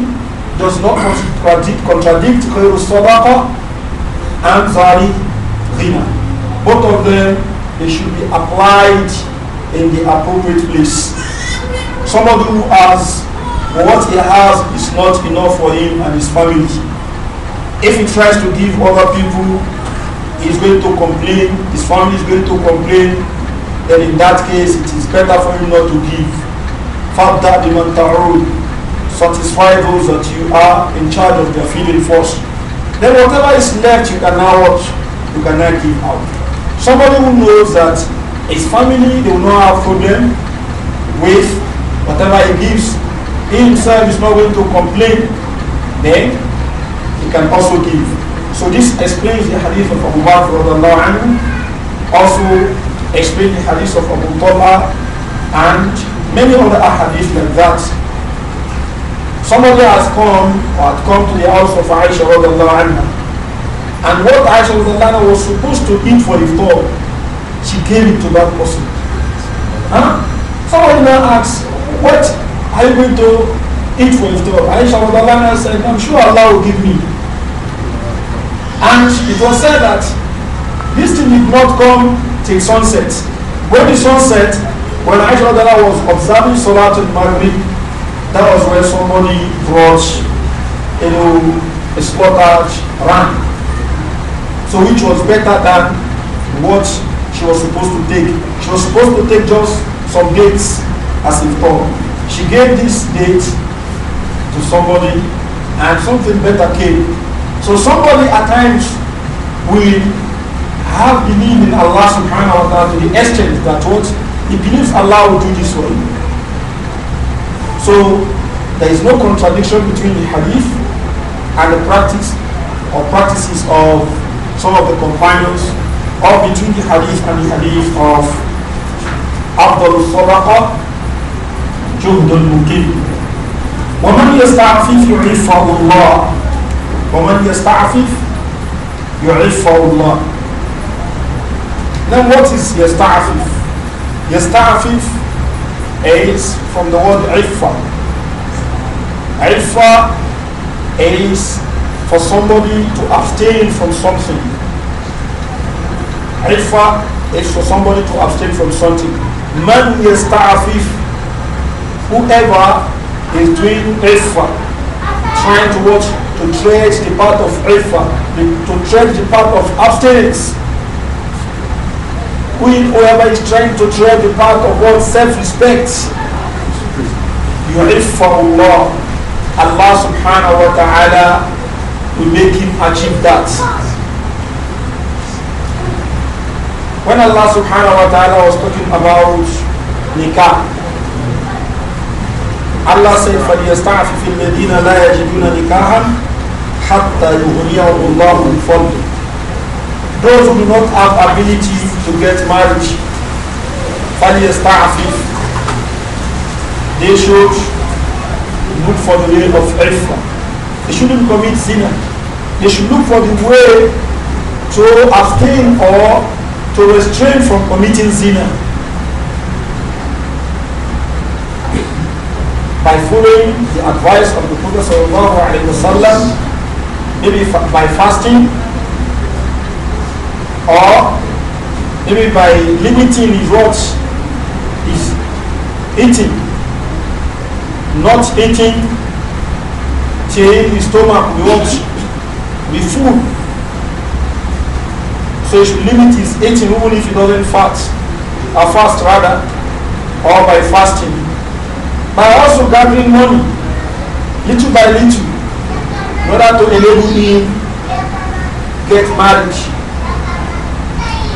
does not contradict, contradict Khairu Sadaqah and Zari Ghina. Both of them, they should be applied in the appropriate place. Somebody who has what he has is not enough for him and his family. If he tries to give other people is going to complain, his family is going to complain, then in that case it is better for him not to give. Father Dimantarud, satisfy those that you are in charge of their feeding force. Then whatever is left you can now watch, you can now give out. Somebody who knows that his family they will not have problem with whatever he gives, he himself is not going to complain, then he can also give. So this explains the hadith of Abu Bakr anhu, also explains the hadith of Abu Talha and many other hadith like that. Somebody has come or had come to the house of Aisha anha, and what Aisha anha was supposed to eat for iftar, she gave it to that person. Huh? Somebody now asks, what are you going to eat for iftar? Aisha anha said, I'm sure Allah will give me. And it was said that this thing did not come till sunset. When the sun set, when Aisha was observing Salatul Maghrib, that was where somebody brought, you know, a slaughtered ran. So which was better than what she was supposed to take. She was supposed to take just some dates as if thought. She gave this date to somebody and something better came. So somebody at times will have believed in Allah subhanahu wa ta'ala to the extent that what he believes Allah will do this for him. So there is no contradiction between the hadith and the practice or practices of some of the companions or between the hadith and the hadith of Abdul Sadaqa Juhdul Mukim. ومن يستعفف يعفه الله وَمَنْ يَسْتَعْفِفْ يُعِفَّهُ اللَّهُ Then what is يَسْتَعْفِفْ? يَسْتَعْفِفْ is from the word عِفَّة عِفَّة is for somebody to abstain from something. Ifa is for somebody to abstain from something. Man yasta'afif, whoever is doing ifa, trying to watch to tread the path of Ifa, to tread the path of abstinence. Whoever is trying to tread the path of one's self-respect, يعف Allah. Allah subhanahu wa ta'ala will make him achieve that. When Allah subhanahu wa ta'ala was talking about nikah, Allah said, فَلْيَسْتَعْفِفِ الَّذِينَ لَا يَجِدُونَ نِكَاهًا حَتَّى يُغْنِيَهُ اللَّهُ مِنْ فَضْلِهِ Those who do not have ability to get married, فَلْيَسْتَعْفِفْ They should look for the way of ifra. They shouldn't commit sin. They should look for the way to abstain or to restrain from committing zina by following the advice of the Prophet sallallahu alaihi wasallam maybe by fasting or maybe by limiting his what is eating not eating till his stomach will not be full so he should limit his eating even if he doesn't fast or fast rather or by fasting by also gathering money little by little order to enable him get married.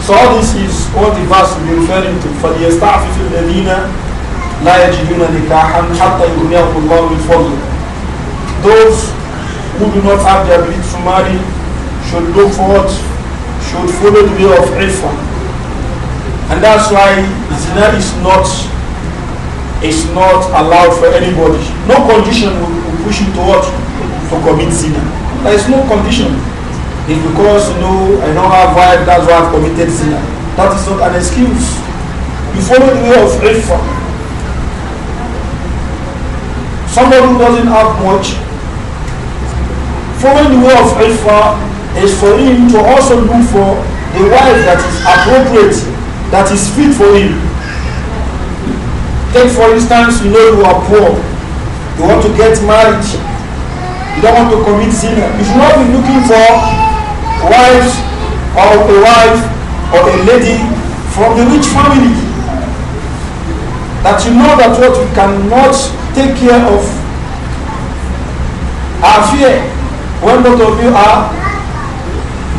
So all this is what the verse will be referring to. for the لَا of نِكَاحًا حَتَّى Those who do not have the ability to marry should look for Should follow the way of Ifan. And that's why zina is not is not allowed for anybody. No condition will, will push you towards for commit sin. There is no condition. If because, you know, I don't have wife, that's why I've committed sin. That is not an excuse. You follow the way of Ifa. Somebody who doesn't have much, following the way of Ifa is for him to also look for the wife that is appropriate, that is fit for him. Take for instance, you know you are poor, you want to get married, You don't want to commit sin. You should not be looking for wives or a wife or a lady from the rich family. That you know that what you cannot take care of are fear when both of you are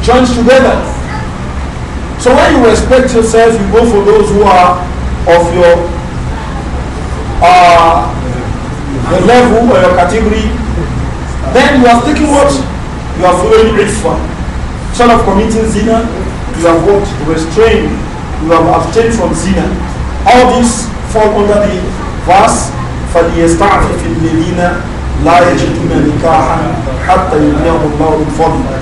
joined together. So when you respect yourself, you go for those who are of your uh, the level or your category then you are taking what? You are following Rifwa. Instead of committing zina, you have what? Restrained. You have abstained from zina. All these fall under the verse فَلْيَسْتَعْفِفِ الَّذِينَ لَا يَجِدُونَ نِكَاحًا حَتَّى يُغْنِيَهُمْ اللَّهُ مِنْ فَضْلِهِ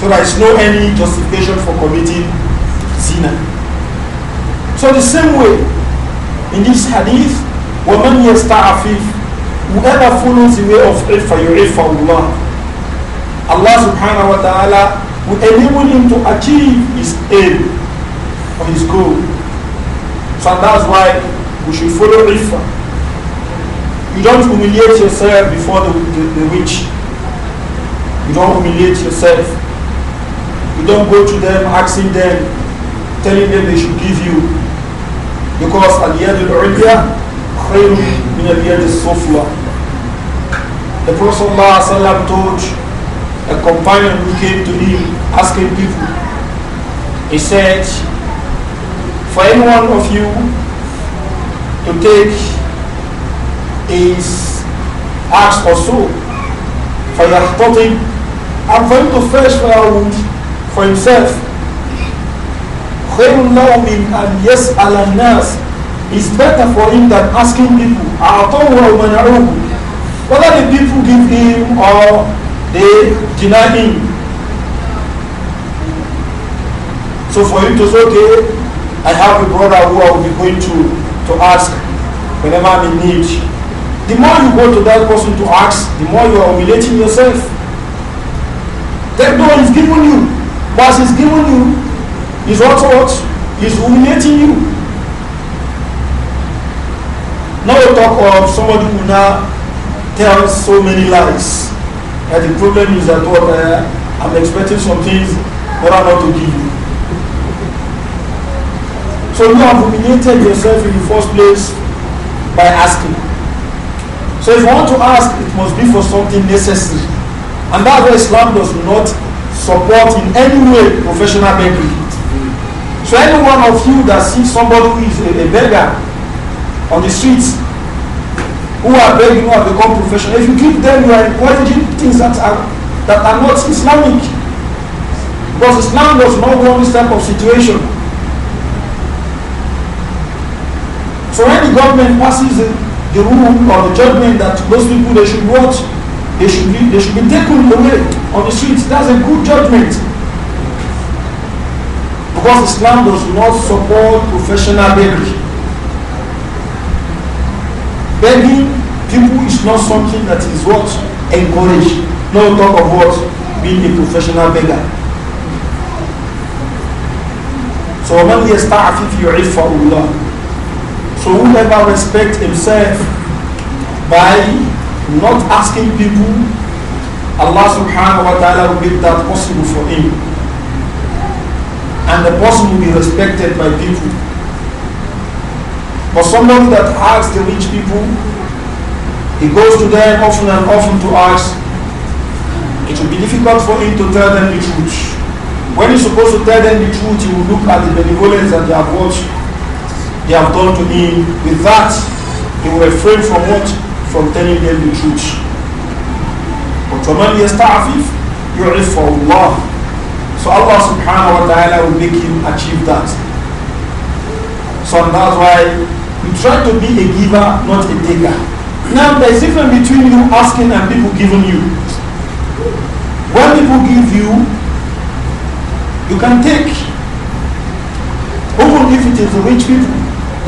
So there is no any justification for committing zina. So the same way, in this hadith, وَمَنْ يَسْتَعْفِفِ whoever follows the way of ifa, you ifa Allah. Allah subhanahu wa ta'ala will enable him to achieve his aim or his goal. So that's why we should follow ifa. You don't humiliate yourself before the, the, the witch. You don't humiliate yourself. You don't go to them asking them, telling them they should give you. Because at the end of khayrun من اليد السفلى The Prophet ﷺ told a companion who came to him asking people, he said, for any one of you to take his axe or so, for your fire and for him to fetch firewood for himself, خير له من أن يسأل الناس it's better for him than asking people, whether the people give him or they deny him. So for him to say, okay, I have a brother who I will be going to, to ask whenever I'm in need. The more you go to that person to ask, the more you are humiliating yourself. That door one is giving you. What is given you is also what is humiliating you. Now we talk of somebody who now tells so many lies. And the problem is that what uh, I'm expecting some things that I'm not to give you. So you have humiliated yourself in the first place by asking. So if you want to ask, it must be for something necessary. And that's why Islam does not support in any way professional begging. So any one of you that sees somebody who is a, a beggar on the streets who are begging who have become professional. If you give them, you are encouraging things that are that are not Islamic. Because Islam does not want this type of situation. So when the government passes the, the rule or the judgment that those people they should watch, they should be they should be taken away on the streets, that's a good judgment. Because Islam does not support professional begging begging people is not something that is what encouraged. No talk of what being a professional beggar. So you يستعفف يعفه Allah, So whoever respects himself by not asking people, Allah subhanahu wa ta'ala will make that possible for him. And the person will be respected by people. For somebody that asks the rich people, he goes to them often and often to ask, it will be difficult for him to tell them the truth. When he's supposed to tell them the truth, he will look at the benevolence that they have watched, they have done to him. With that, he will refrain from what? From telling them the truth. But you ask for Allah. So Allah subhanahu wa ta'ala will make him achieve that. So that's why you try to be a giver, not a taker. Now there's a difference between you asking and people giving you. When people give you, you can take. Even if it is the rich people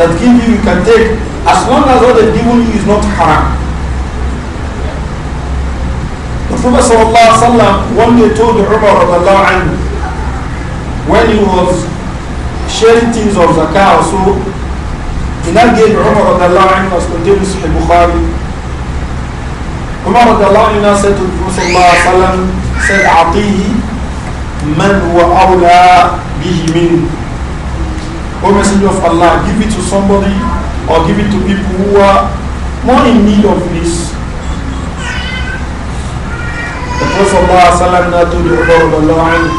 that give you, you can take. As long as what they've you is not haram. The Prophet sallallahu one day told Umar anhu, when he was sharing things of zakah or so, He now gave Umar radiallahu anhu as contained in Sahih Bukhari. Umar radiallahu anhu said to the Prophet sallallahu alaihi wasallam, said, "Atihi man wa awla O Messenger of Allah, give it to somebody or give it to people who are more in need of this. The Prophet sallallahu alaihi wasallam told Umar radiallahu anhu,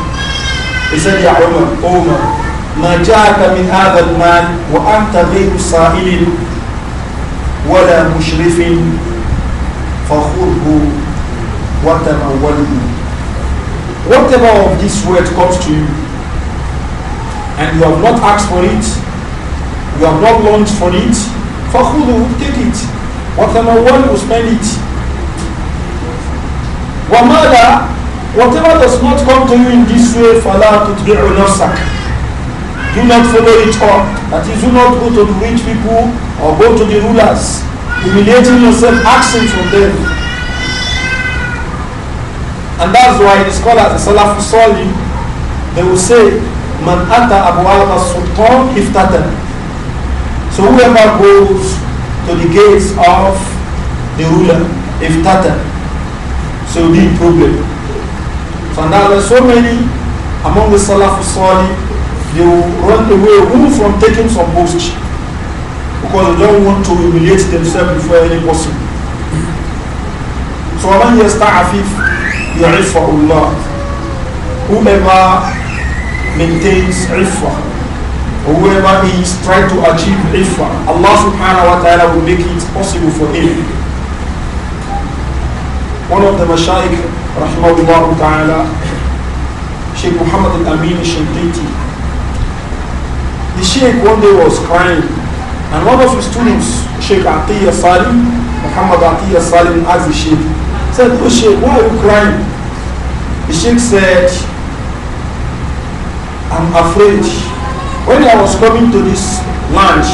he said, "Ya Umar, Umar." ما جاءك من هذا المال وأنت غير سائل ولا مشرف فخذه وتموله Whatever of this word comes to you and you have not asked for it, you have not longed for it, فخذه take it وتموله spend it وماذا whatever does not come to you in this way فلا تتبع نفسك do not follow each other. That is, do not go to the rich people or go to the rulers, humiliating yourself, asking from them. And that's why the scholars, the Salaf Sali, they will say, Man ata abu al sultan iftatan. So whoever goes to the gates of the ruler, iftatan, so be problem. So now there are so many among the Salaf Sali they will run away even from taking some hostage because they don't want to humiliate themselves before any person. So when you start afif, you are for Allah. Whoever maintains ifa, whoever is trying to achieve ifa, Allah subhanahu wa ta'ala will make it possible for him. One of the mashaykh, rahimahullah ta'ala, Sheikh Muhammad al-Amin al-Shanqiti, the sheikh one day was crying, and one of his students, Sheikh Atiya Salim, Muhammad Atiya Salim, asked the sheikh, said, Oh sheikh, why are you crying? The sheikh said, I'm afraid. When I was coming to this lunch,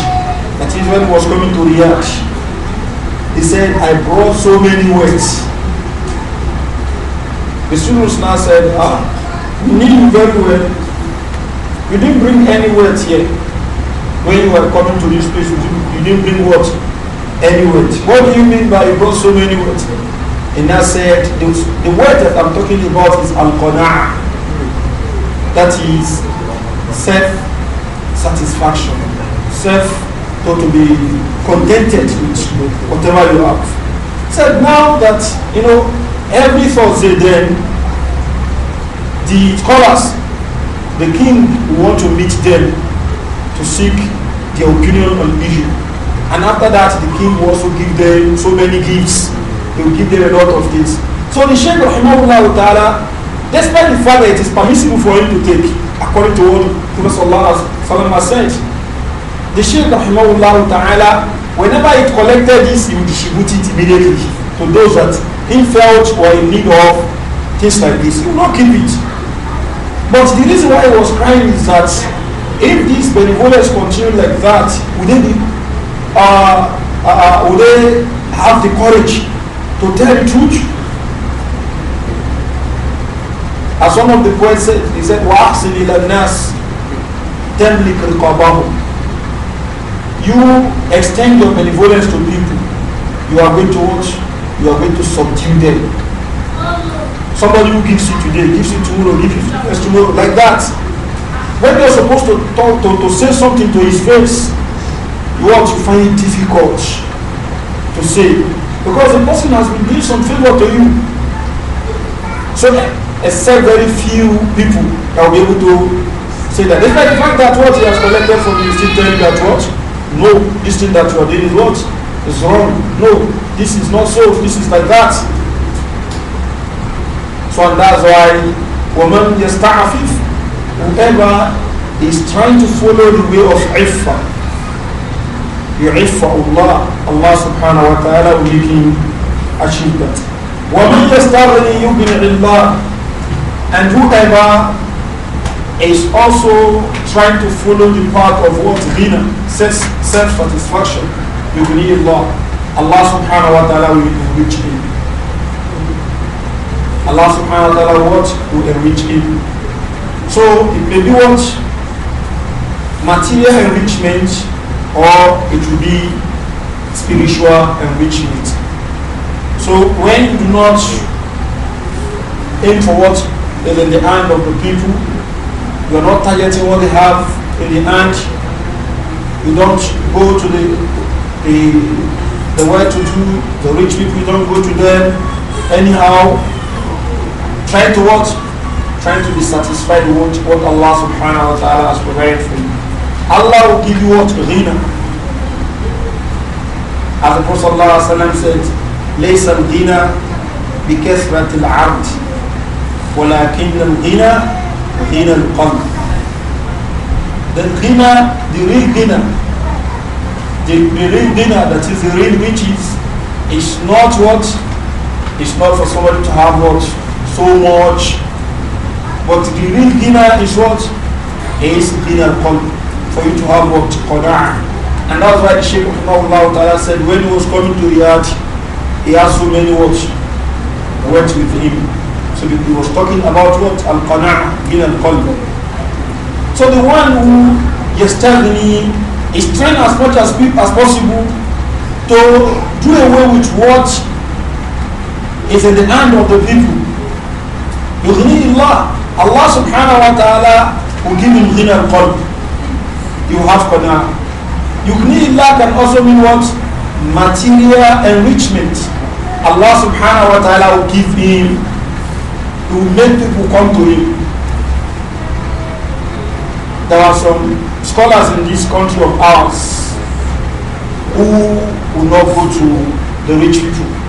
that is when I was coming to Riyadh, he said, I brought so many weights. The students now said, Ah, you need very well. You didn't bring any weight here. When you were coming to this place, you didn't, bring what? Any weight. What do you mean by you brought so many weights? And I said, the, the word that I'm talking about is al That is self-satisfaction. Self, so to be contented with whatever you have. Said now that, you know, every Thursday then, the scholars the king will want to meet them to seek their opinion on issue. And after that, the king will also give them so many gifts. He will give them a lot of things. So the of Rahimahullah Ta'ala, despite the fact that it is permissible for him to take, according to what Prophet Sallallahu said, the of Rahimahullah Ta'ala, whenever he collected this, he would distribute it immediately to those that he felt were in need of things like this. He would not keep it. But the reason why he was crying is that if these benevolence continue like that, would they, be, uh, uh, uh, would they have the courage to tell the truth? As one of the poets said, he said, وَأَحْسِنِ you extend your benevolence to people, you are going to watch, You are going to subdue them. Somebody who gives you today gives you tomorrow, gives you tomorrow, like that. When you're supposed to talk to, to say something to his face, you want to find it difficult to say. Because the person has been doing some favor to you. So except very few people that will be able to say that. Despite the fact that what he has collected from you, still telling that what? No, this thing that you are doing is what? Is wrong. No, this is not so, this is like that. So that's why woman yasta'afif, whoever is trying to follow the way of iffah, yu'iffa Allah, Allah subhanahu wa ta'ala will make him achieve that. وَمَنْ يَسْتَغْنِي in اللَّهِ And whoever is also trying to follow the path of what? Ghina, self-satisfaction, you يُبْنِ اللَّهِ Allah subhanahu wa ta'ala will enrich him. Allah subhanahu wa ta'ala what would enrich him. So it may be what material enrichment or it will be spiritual enrichment. So when you do not aim for what is in the hand of the people, you are not targeting what they have in the hand, you don't go to the the, the way to do the rich people, you don't go to them anyhow Trying to what? Trying to be satisfied with what Allah subhanahu wa ta'ala has provided for you. Allah will give you what? Ghina. As the Prophet said, ليس الغنى بكثرة العرض ولكن الغنى غنى القلب The غنى, the real غنى the, the real غنى that is the real riches is not what is not for somebody to have what so much. But the real dinner is what? Is dinner for you to have what? Qadar. And that's why the Sheikh Muhammad Ta'ala said when he was coming to Riyadh, he had so many words went with him. So he was talking about what? al Quran bin al-Qalb. So the one who me is trying as much as, as possible to do away with what is in the hand of the people. يغنيه الله Allah سبحانه wa ta'ala will give him ghina al You have qana. Yughni Allah can also mean what? Material enrichment. Allah سبحانه wa ta'ala will give him. He will make people come to him. There are some scholars in this country of ours who will not go to the rich people.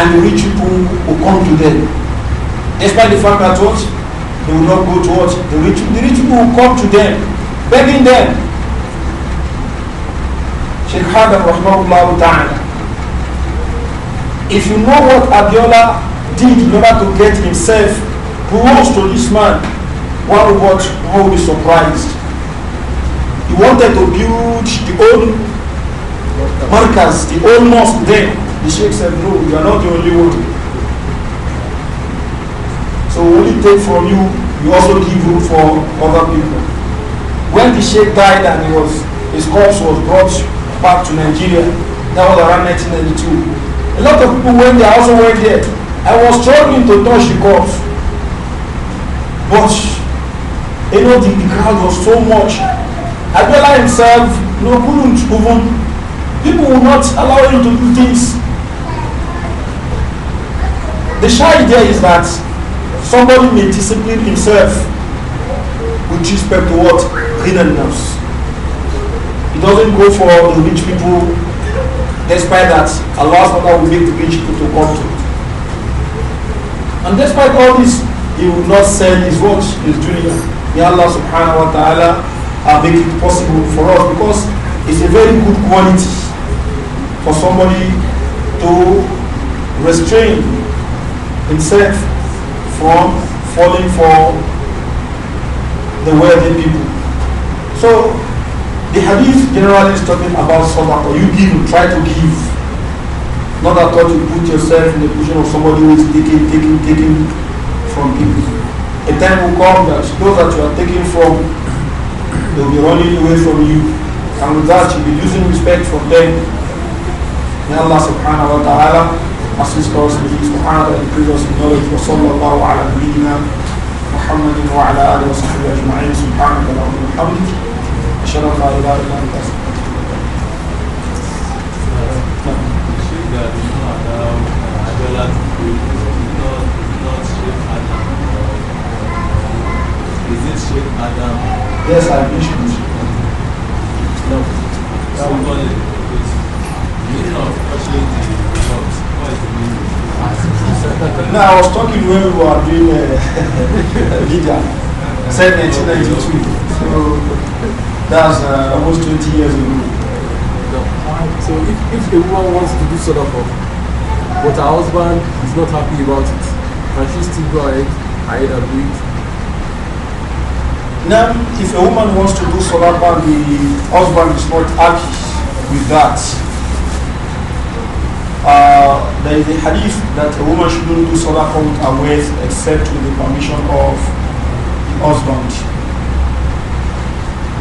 and rich people will come to them. Despite the fact that what? They will not go to what? The rich, the rich people will come to them, begging them. Sheikh Hadar Rahmanullah time. If you know what Abiola did in order to get himself close to this man, one of watch, one be surprised. He wanted to build the old markers, the old mosque there. The Sheikh said, No, you are not the only one. So what we take from you, you also give room for other people. When the Sheikh died and he was, his corpse was brought back to Nigeria, that was around 1992. A lot of people went there, also went there. I was struggling to touch the corpse. But, you know, the, the crowd was so much. Abdullah himself, you know, couldn't even People will not allow him to do things. The shy idea is that somebody may discipline himself with respect to what? Hidden He doesn't go for the rich people despite that Allah SWT will make the rich people to come to. And despite all this, he will not sell his watch, his dunya. May Allah subhanahu wa ta'ala uh, make it possible for us because it's a very good quality for somebody to restrain himself from falling for the wealthy people. So the hadith generally is talking about sadaqah. You give, try to give. Not at all to put yourself in the position of somebody who is taking, taking, taking from people. A time will come that those that you are taking from, they will be running away from you. And with that, you'll be losing respect from them. May Allah subhanahu wa ta'ala أصلسك رسوله سبحانه أن يكرز رسول الله وصلى الله على نبينا محمد وعلى آله وصحبه أجمعين سبحانه وتعالى وحمد أشهد أن لا إله إلا الله Is it Sheikh Adam? Yes, I mentioned Sheikh Adam. No. Somebody is. You know, actually, No, I was talking when we were doing uh, Lydia. said 1992. So that's uh, almost 20 years ago. So if, if a woman wants to do sort of, um, but her husband is not happy about it, can she still go ahead, ahead and do it? Now, if a woman wants to do solar the husband is not happy with that, uh, there is a hadith that a woman shouldn't do sadaqah with her waist except with the permission of the husband.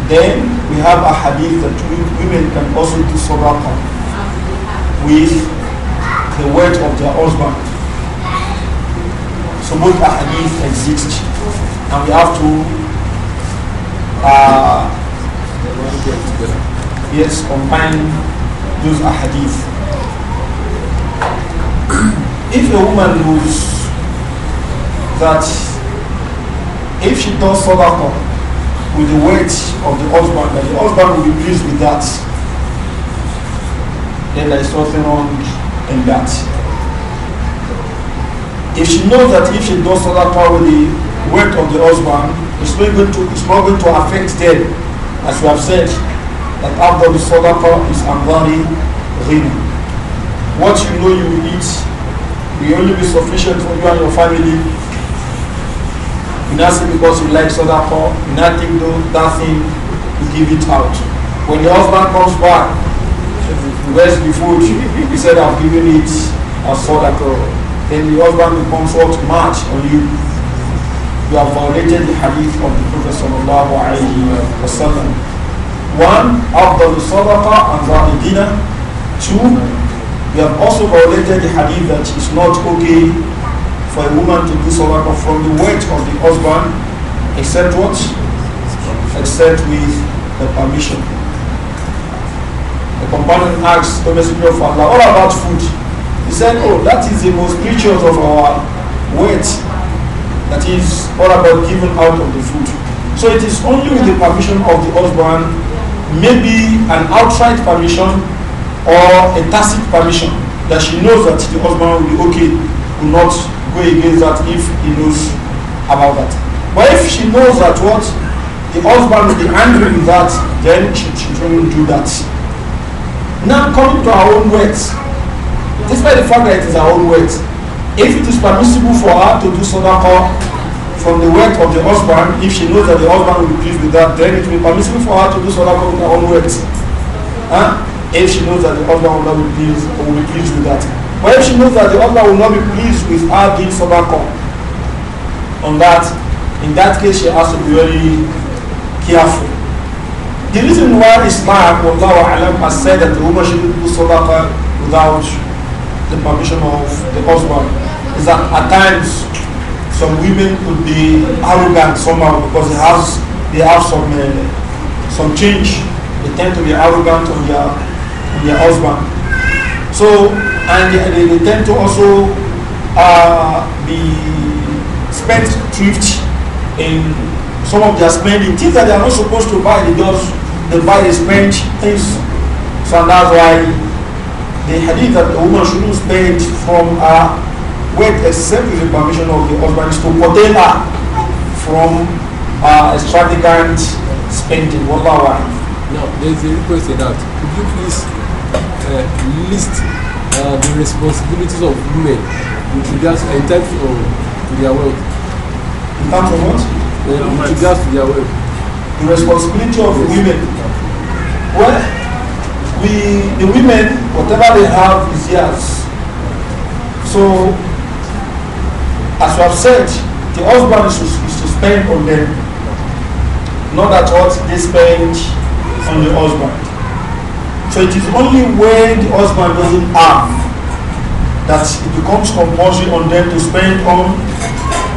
Then we have a hadith that women can also do sadaqah with the wealth of their husband. So both hadith exist, and we have to uh, yes combine those hadith if a woman knows that if she does sadaqah with the weight of the husband, that the husband will be pleased with that, then there is nothing wrong in that. If she knows that if she does sadaqah with the weight of the husband, it's not going to, it's not going to affect them, as we have said, that after the sadaqah is Amdari Ghina what you know you will eat will only be sufficient for you and your family. You not say because you like sadaqa, you not nothing. that thing, you give it out. When the husband comes back, where's the food? He said, I've given it as sadaqa. Then the husband becomes what? March on you. You have violated the hadith of the Prophet sallallahu alayhi wa sallam. One, after the sadaqa and the dinner. Two, you have also violated the hadith that it's not okay for a woman to do sadaqah from the weight of the husband, except what? Except with the permission. The companion asks the messenger of Allah, all about food. He said, oh, that is the most precious of our weight. That is all about giving out of the food. So it is only with the permission of the husband, maybe an outright permission or a tacit permission that she knows that the husband will be okay, will not go against that if he knows about that. But if she knows that what the husband will be angry with that, then she, she won't do that. Now coming to our own words, despite the fact that it is our own words, if it is permissible for her to do sadaqah from the work of the husband, if she knows that the husband will be pleased with that, then it will be permissible for her to do sadaqah with her own words. Huh? if she knows that the husband will not be pleased will be pleased with that. But if she knows that the husband will not be pleased with her being sobacom on that, in that case she has to be very careful. The reason why Islam Wallahu Alam has said that the woman should not do sadaqa without the permission of the husband is that at times some women could be arrogant somehow because they have they have some uh, some change. They tend to be arrogant on their their husband. So, and they, they tend to also uh, be spent thrift in some of their spending. Things that they are not supposed to buy, they just they buy, they spend things. So that's why the hadith that a woman shouldn't spend from her wealth except with the permission of the husband is to protect her from uh, extravagant spending. Wallah. Now, there's a request in that. Could you please Uh, list uh, the responsibilities of women with regards uh, in terms of to their wealth. In terms of what? Uh, with regards to their wealth. The responsibility of yes. women. Well, we the women, whatever they have is theirs. So, as we have said, the husband is to, is to spend on them. Not that what they spend on the husband. So it is only when the husband doesn't have that it becomes compulsory on them to spend on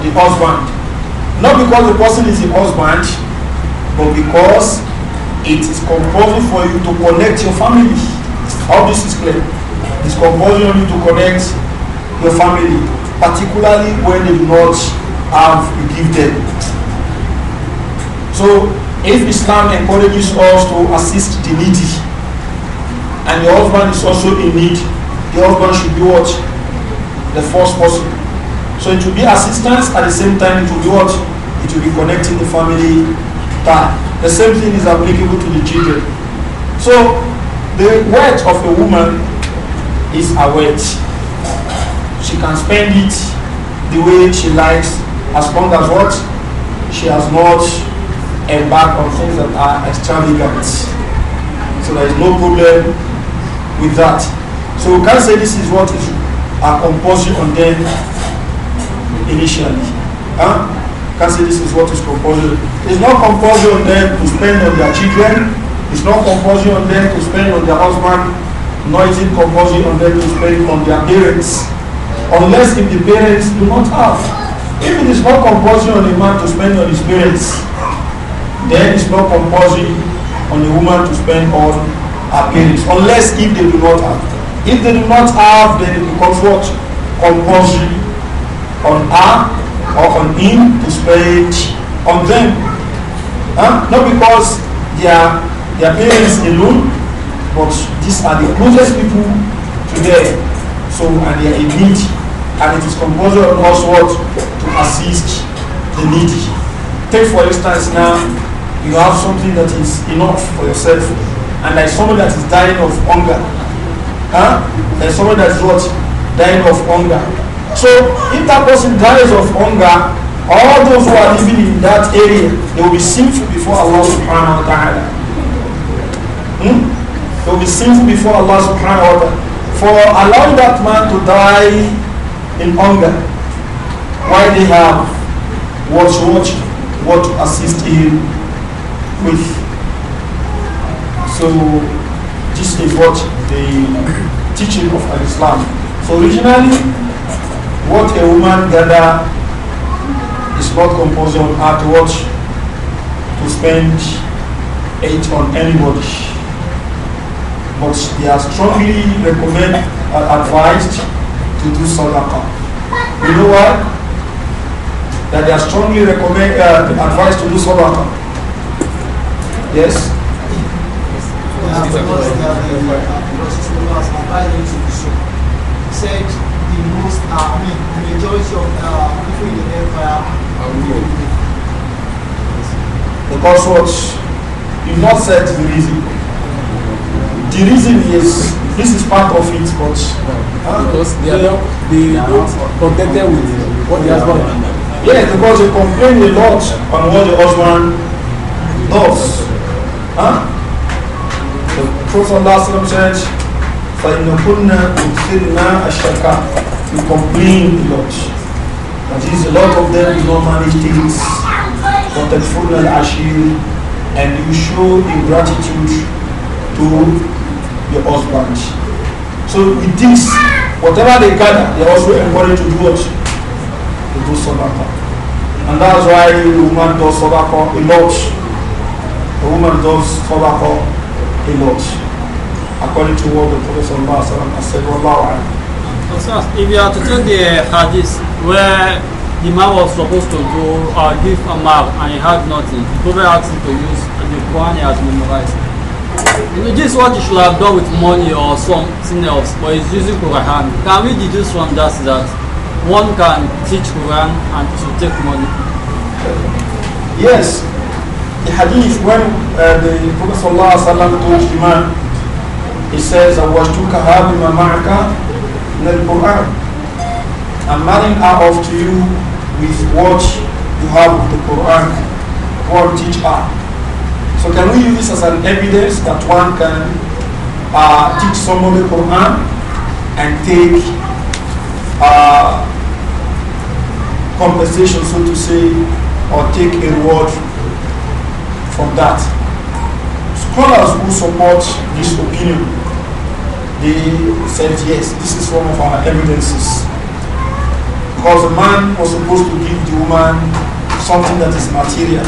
the husband. Not because the person is the husband, but because it is compulsory for you to connect your family. does this is clear. It's compulsory on you to connect your family, particularly when they do not have a give them. So if Islam encourages us to assist the needy, and your husband is also in need, your husband should be what? The first person. So it will be assistance, at the same time it will be what? It will be connecting the family tie. The same thing is applicable to the children. So the wealth of a woman is a wealth. She can spend it the way she likes as long as what? She has not embarked on things that are extravagant. So there is no problem with that. So we can't say this is what is are compulsory on them initially. Huh? Can't say this is what is compulsory. It's not compulsory on them to spend on their children. It's not compulsory on them to spend on their husband. Nor is it compulsory on them to spend on their parents. Unless if the parents do not have. If it is not compulsory on a man to spend on his parents, then it's not compulsory on a woman to spend on are unless if they do not have. If they do not have, then it becomes what? Compulsory on her or on him to spend on them. Huh? Not because they are their parents alone, but these are the closest people to them. So, and they are in need. And it is compulsory on us what? To assist the needy. Take for instance now, you have something that is enough for yourself and there is someone that is dying of hunger. Huh? There is someone that is what? Dying of hunger. So if that person dies of hunger, all those who are living in that area, they will be sinful before Allah subhanahu wa ta'ala. Hmm? They will be sinful before Allah subhanahu wa ta'ala. For allowing that man to die in hunger, why they have what, watch what to assist him with. So this is what the teaching of Islam. So originally, what a woman gather is not composed on her to watch, to spend it on anybody. But they are strongly recommend uh, advised to do sadaqah. You know why? That they are strongly recommend uh, advised to do sadaqah. Yes, afterwards the, the Rasulullah said the most, uh, I mean, the majority of the people in the empire. are women. Because what? You've not said the reason. The reason is this is part of it, but uh, because they are they are protected with what the husband. Yeah, because they complain a lot on what the husband does. Huh? Prophet ﷺ said, فَإِنَّكُنَّ أُكْثِرْنَا أَشْتَكَى We complain a lot. That is, a lot of them do not manage things. but وَتَكْفُرْنَا الْعَشِيرِ And you show ingratitude to your husband. So with this, whatever they gather, they are also encouraged to do what? To do sabaka. And that's why a woman does sabaka a lot. A woman does sabaka a lot according to what the Prophet said. If you are to tell the hadith where the man was supposed to go uh, give a map and he had nothing, the Prophet asked him to use the Quran he has memorized. You know, this is what you should have done with money or something else, but he's using Quran. Can we deduce from that that one can teach Quran and to take money? Yes. The hadith when uh, the Prophet ﷺ told the he says, "Awashtukaha bima ma'aka min al-Qur'an." I'm marrying her to you with what you have of the Quran. What teach her. So can we use this as an evidence that one can uh, teach someone the Quran and take uh, compensation, so to say, or take a reward from that? Scholars who support this opinion he said, yes, this is one of our evidences. Because the man was supposed to give the woman something that is material.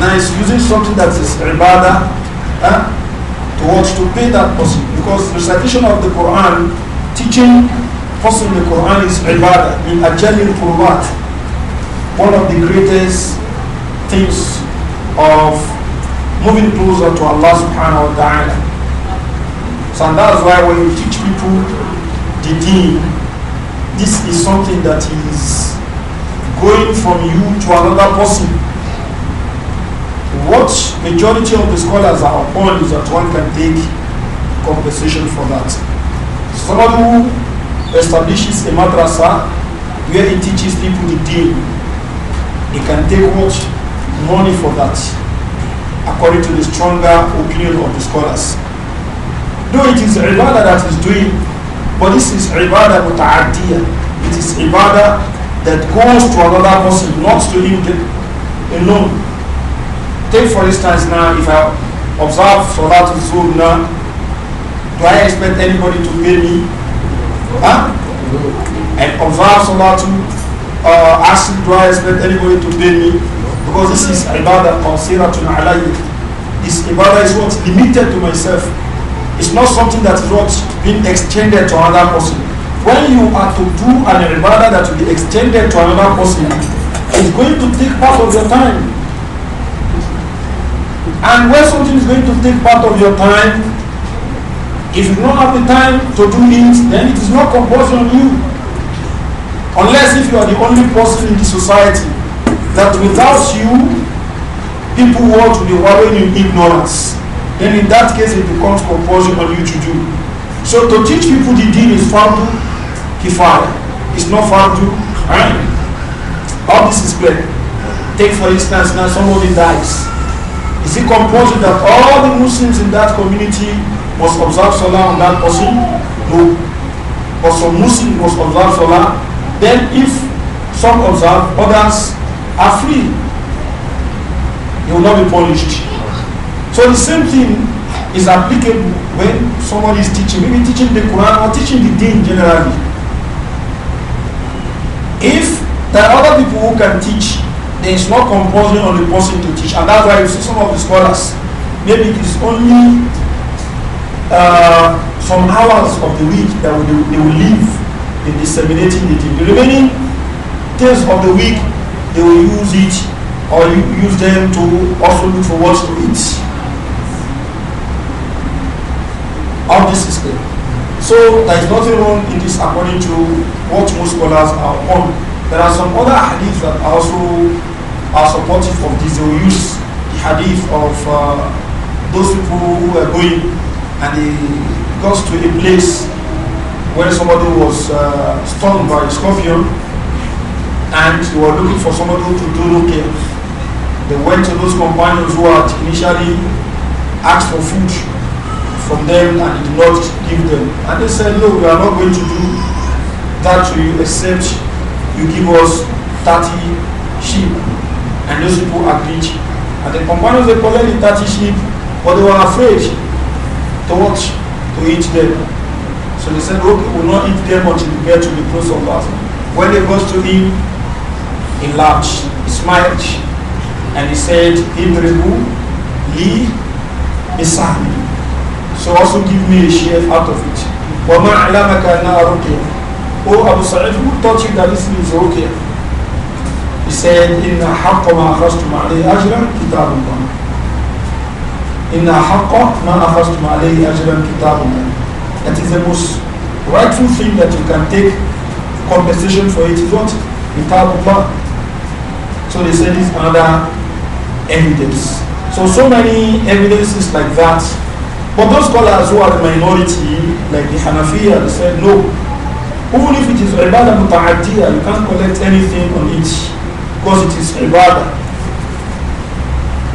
Now he's using something that is ibadah eh, to what to pay that person. Because recitation of the Quran, teaching person the Quran is ibadah, in ajalil qurbat, one of the greatest things of moving closer to Allah subhanahu wa ta'ala. So and that's why when you teach people the deen, this is something that is going from you to another person. What majority of the scholars are upon is that one can take compensation for that. Someone who establishes a madrasa where he teaches people the deen, he can take what money for that, according to the stronger opinion of the scholars. Though it is ibadah that is doing, but this is ibadah idea. It is ibadah that goes to another person, not to him alone. Take for instance now, if I observe Salat al-Zuhr now, do I expect anybody to pay me? Huh? And observe Salat uh, asking, do I expect anybody to pay me? Because this is ibadah considered to alayhi. This ibadah is what? Limited to myself. It's not something that is not being extended to another person. When you are to do an ibadah that will be extended to another person, it's going to take part of your time. And when something is going to take part of your time, if you don't have the time to do it, then it is not compulsory on you. Unless if you are the only person in the society that without you, people want to be wallowing in ignorance then in that case it becomes compulsory on you to do. So to teach people the deen is fardu kifaya. It's not fardu right? All this is clear. Take for instance now somebody dies. Is it compulsory that all the Muslims in that community must observe Salah on that person? No. But some Muslims must observe Salah. Then if some observe, others are free. They will not be punished. So the same thing is applicable when somebody is teaching, maybe teaching the Quran or teaching the deen generally. If there are other people who can teach, there is no compulsion on the person to teach. And that's why you see some of the scholars, maybe it is only uh, some hours of the week that they will, they will in disseminating the deen. The remaining days of the week, they will use it or use them to also look for what to eat. of this system. So there is nothing wrong in this according to what most scholars are on. There are some other hadiths that also are supportive of this. They will use the hadith of uh, those people who were going and they got to a place where somebody was uh, stung by a scorpion and they were looking for somebody to do okay. They went to those companions who had initially asked for food from them and did not give them. And they said, No, we are not going to do that to you except you give us 30 sheep. And those people agreed. And the companions they collected 30 sheep, but they were afraid to watch, to eat them. So they said, Okay, we'll not eat them until we get to the close of us. When they got to him, he laughed, he smiled, and he said, Idribu li isahmi. So also give me a share out of it. وَمَا عَلَمَكَ أَنَّهَا رُقْيَةٌ Oh Abu Sa'id, who taught you that this is okay? He said, إِنَّ حَقَّ مَا أَخَذْتُمْ عَلَيْهِ أَجْرًا كِتَابُ اللَّهِ إِنَّ حَقَّ مَا أَخَذْتُمْ عَلَيْهِ أَجْرًا كِتَابُ اللَّهِ That is the most rightful thing that you can take compensation for it is what? Kitab Allah. So they said it's another evidence. So, so many evidences like that but those scholars who are the minority, like the Hanafiya, they said no. Even if it is ibadah muta'addiya, you can't collect anything on it because it is ibadah.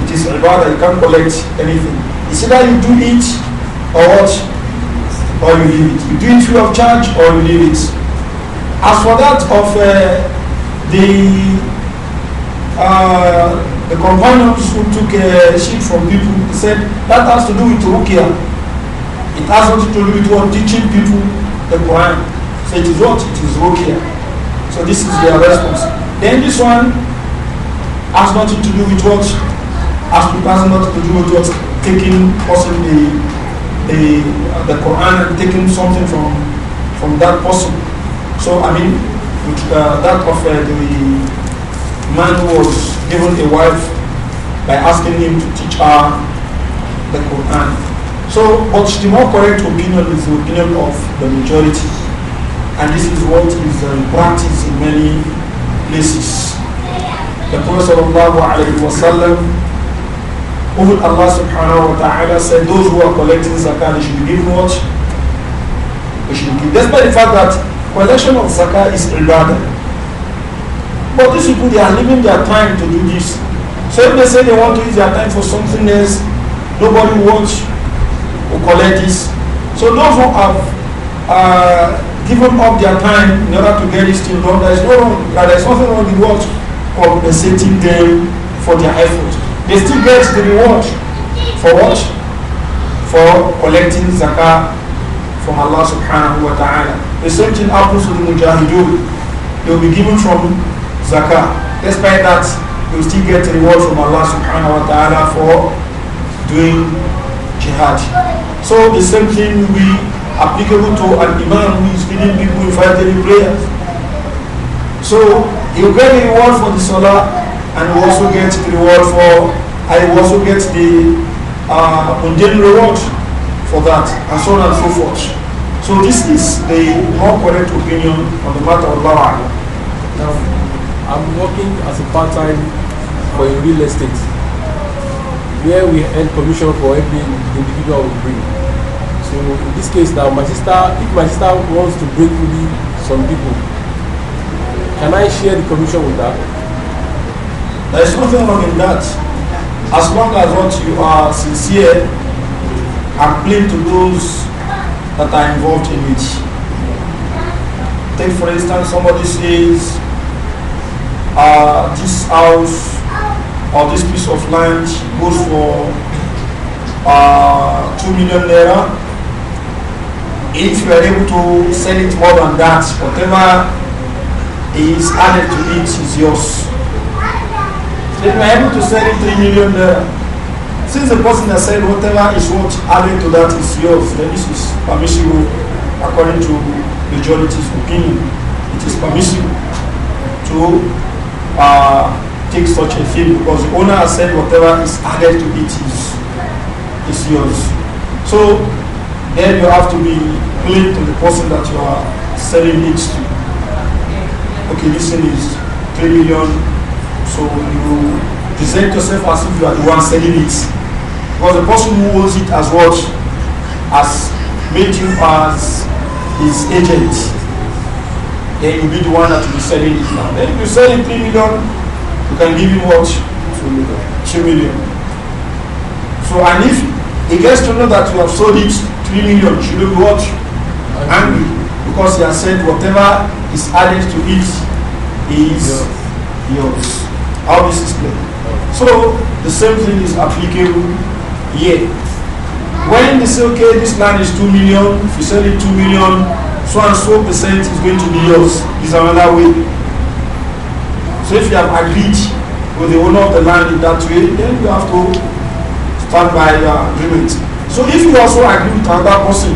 It is ibadah, you can't collect anything. It's either you do it or what? Or you leave it. You do it free of charge or you leave it. As for that of uh, the uh, the companions who took a uh, sheep from people he said that has to do with ruqya. It has nothing to do with what teaching people the Quran. So it is what? It is ruqya. So this is their response. Then this one has nothing to do with what? Has, has nothing to do with what? Taking possibly the, the, Quran and taking something from, from that person. So I mean, with uh, that of uh, the man who was given a wife by asking him to teach her the Quran. So, but the more correct opinion is the opinion of the majority. And this is what is uh, practiced in many places. The Prophet wasallam, even Allah subhanahu wa ta'ala said those who are collecting zakat, they should give what? They should give. Despite the fact that collection of zakat is ibadah. But these people, they are leaving their time to do this. So if they say they want to use their time for something else, nobody wants to collect this. So those who have uh, given up their time in order to get this thing done, there is no wrong, there is nothing wrong with what compensating them for their efforts. They still get the reward for what? For collecting zakah from Allah subhanahu wa ta'ala. The same thing happens to the mujahideen. They will be given from zakah. Despite that, you still get reward from Allah subhanahu wa ta'ala for doing jihad. So the same thing will be applicable to an imam who is leading people in fighting prayers. So you get the reward for the salah and you also get the reward for I also get the uh, mundane reward for that and so on and so forth. So this is the more correct opinion on the matter of Allah. Now, I'm working as a part-time for a real estate where we earn commission for every individual we bring. So in this case now, my sister, if my sister wants to bring me some people, can I share the commission with her? There is nothing wrong in that. As long as what you are sincere and plain to those that are involved in it. Take for instance, somebody says, uh, this house or this piece of land goes for uh, 2 million naira. If you are able to sell it more than that, whatever is added to it is yours. if you are able to sell it 3 million naira, since the person has said whatever is what added to that is yours, then this is permissible according to majority's opinion. It is permissible to uh, take such a thing because the owner has said whatever is added to it is, is yours. So then you have to be clear to the person that you are selling it to. Okay, this thing is 3 million, so you present yourself as if you are the one selling it. Because the person who owns it as what? Has made you as his agent then you be the one that will be selling it now. Then if you sell it 3 million, you can give him what? 2 million. 2 million. So, and if he gets to know that you have sold it 3 million, should be what? Angry. Because he has said whatever is added to it is yours. yours. How this is played. So, the same thing is applicable here. When they say, okay, this land is 2 million, if you sell it 2 million, so and so percent is going to be yours. Is another way. So if you have agreed with the owner of the land in that way, then you have to stand by your agreement. So if you also agree with another person,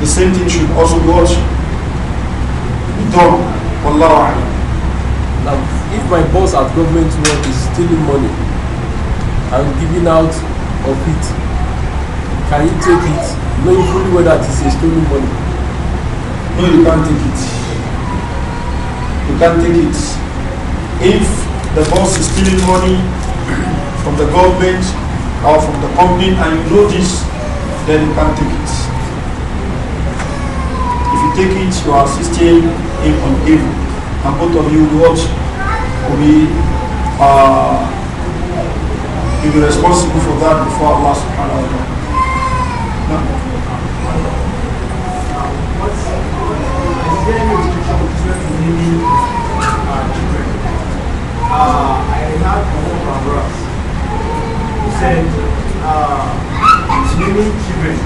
the same thing should also be what? Be done. Allah Now, if my boss at government work is stealing money and giving out of it, can you take it knowing fully whether it is a stolen money? No, you can't take it. You can't take it. If the boss is stealing money from the government or from the company and you know this, then you can't take it. If you take it, you are assisting him on evil. And both of you will watch will be uh, you'll be responsible for that before Allah subhanahu wa ta'ala. naming children. Uh, I had one from Ross. He said, uh, naming children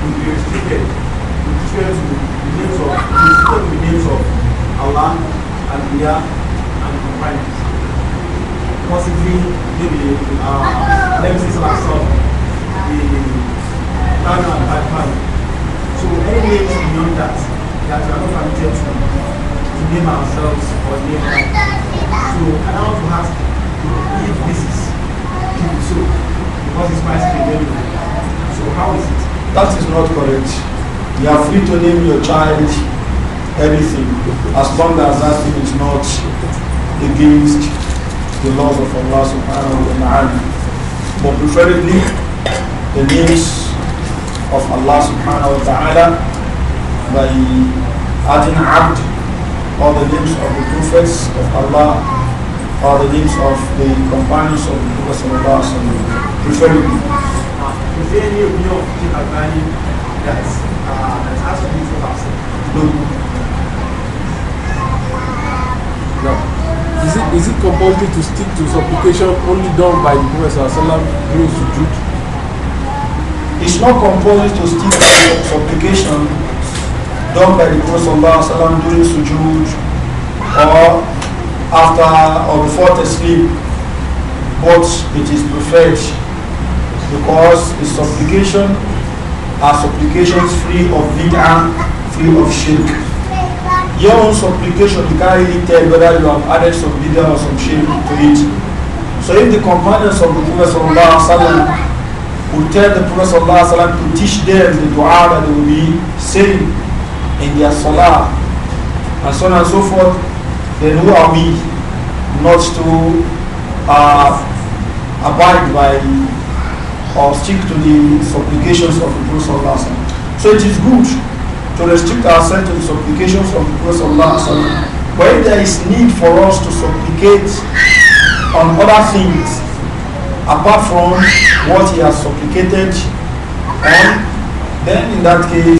will be restricted to children with names of, with names of Allah, Aliyah, and companions. Possibly, maybe, uh, let me see some the Tana and Bad So, any beyond that, that you are not permitted to name ourselves or name ourselves. So and I want to ask if this is so because it's my skin So how is it? That is not correct. You are free to name your child anything as long as that thing is not against the laws of Allah subhanahu wa ta'ala. But preferably the names of Allah subhanahu wa ta'ala by adding abd all the names of the prophets of Allah all the names of the companions of the Prophet Sallallahu Alaihi Wasallam, preferably. Uh, is there any opinion of Jim Albani that uh, that has to be for us? No. No. Is it, is it compulsory to stick to supplication only done by the Prophet Sallallahu Alaihi Wasallam during It's not compulsory to stick to supplication done by the Prophet ﷺ during sujood or after or before the sleep, but it is preferred because the supplication are supplications free of bid'ah, free of shirk. Your own supplication, you can't really tell whether you have added some bid'ah or some shirk to it. So if the companions of the Prophet ﷺ would tell the Prophet ﷺ to teach them the dua that they will be saying, in their salah and so on and so forth, then who are we not to uh, abide by or stick to the supplications of the Prophet So it is good to restrict ourselves to the supplications of the Prophet if there is need for us to supplicate on other things apart from what he has supplicated on, then in that case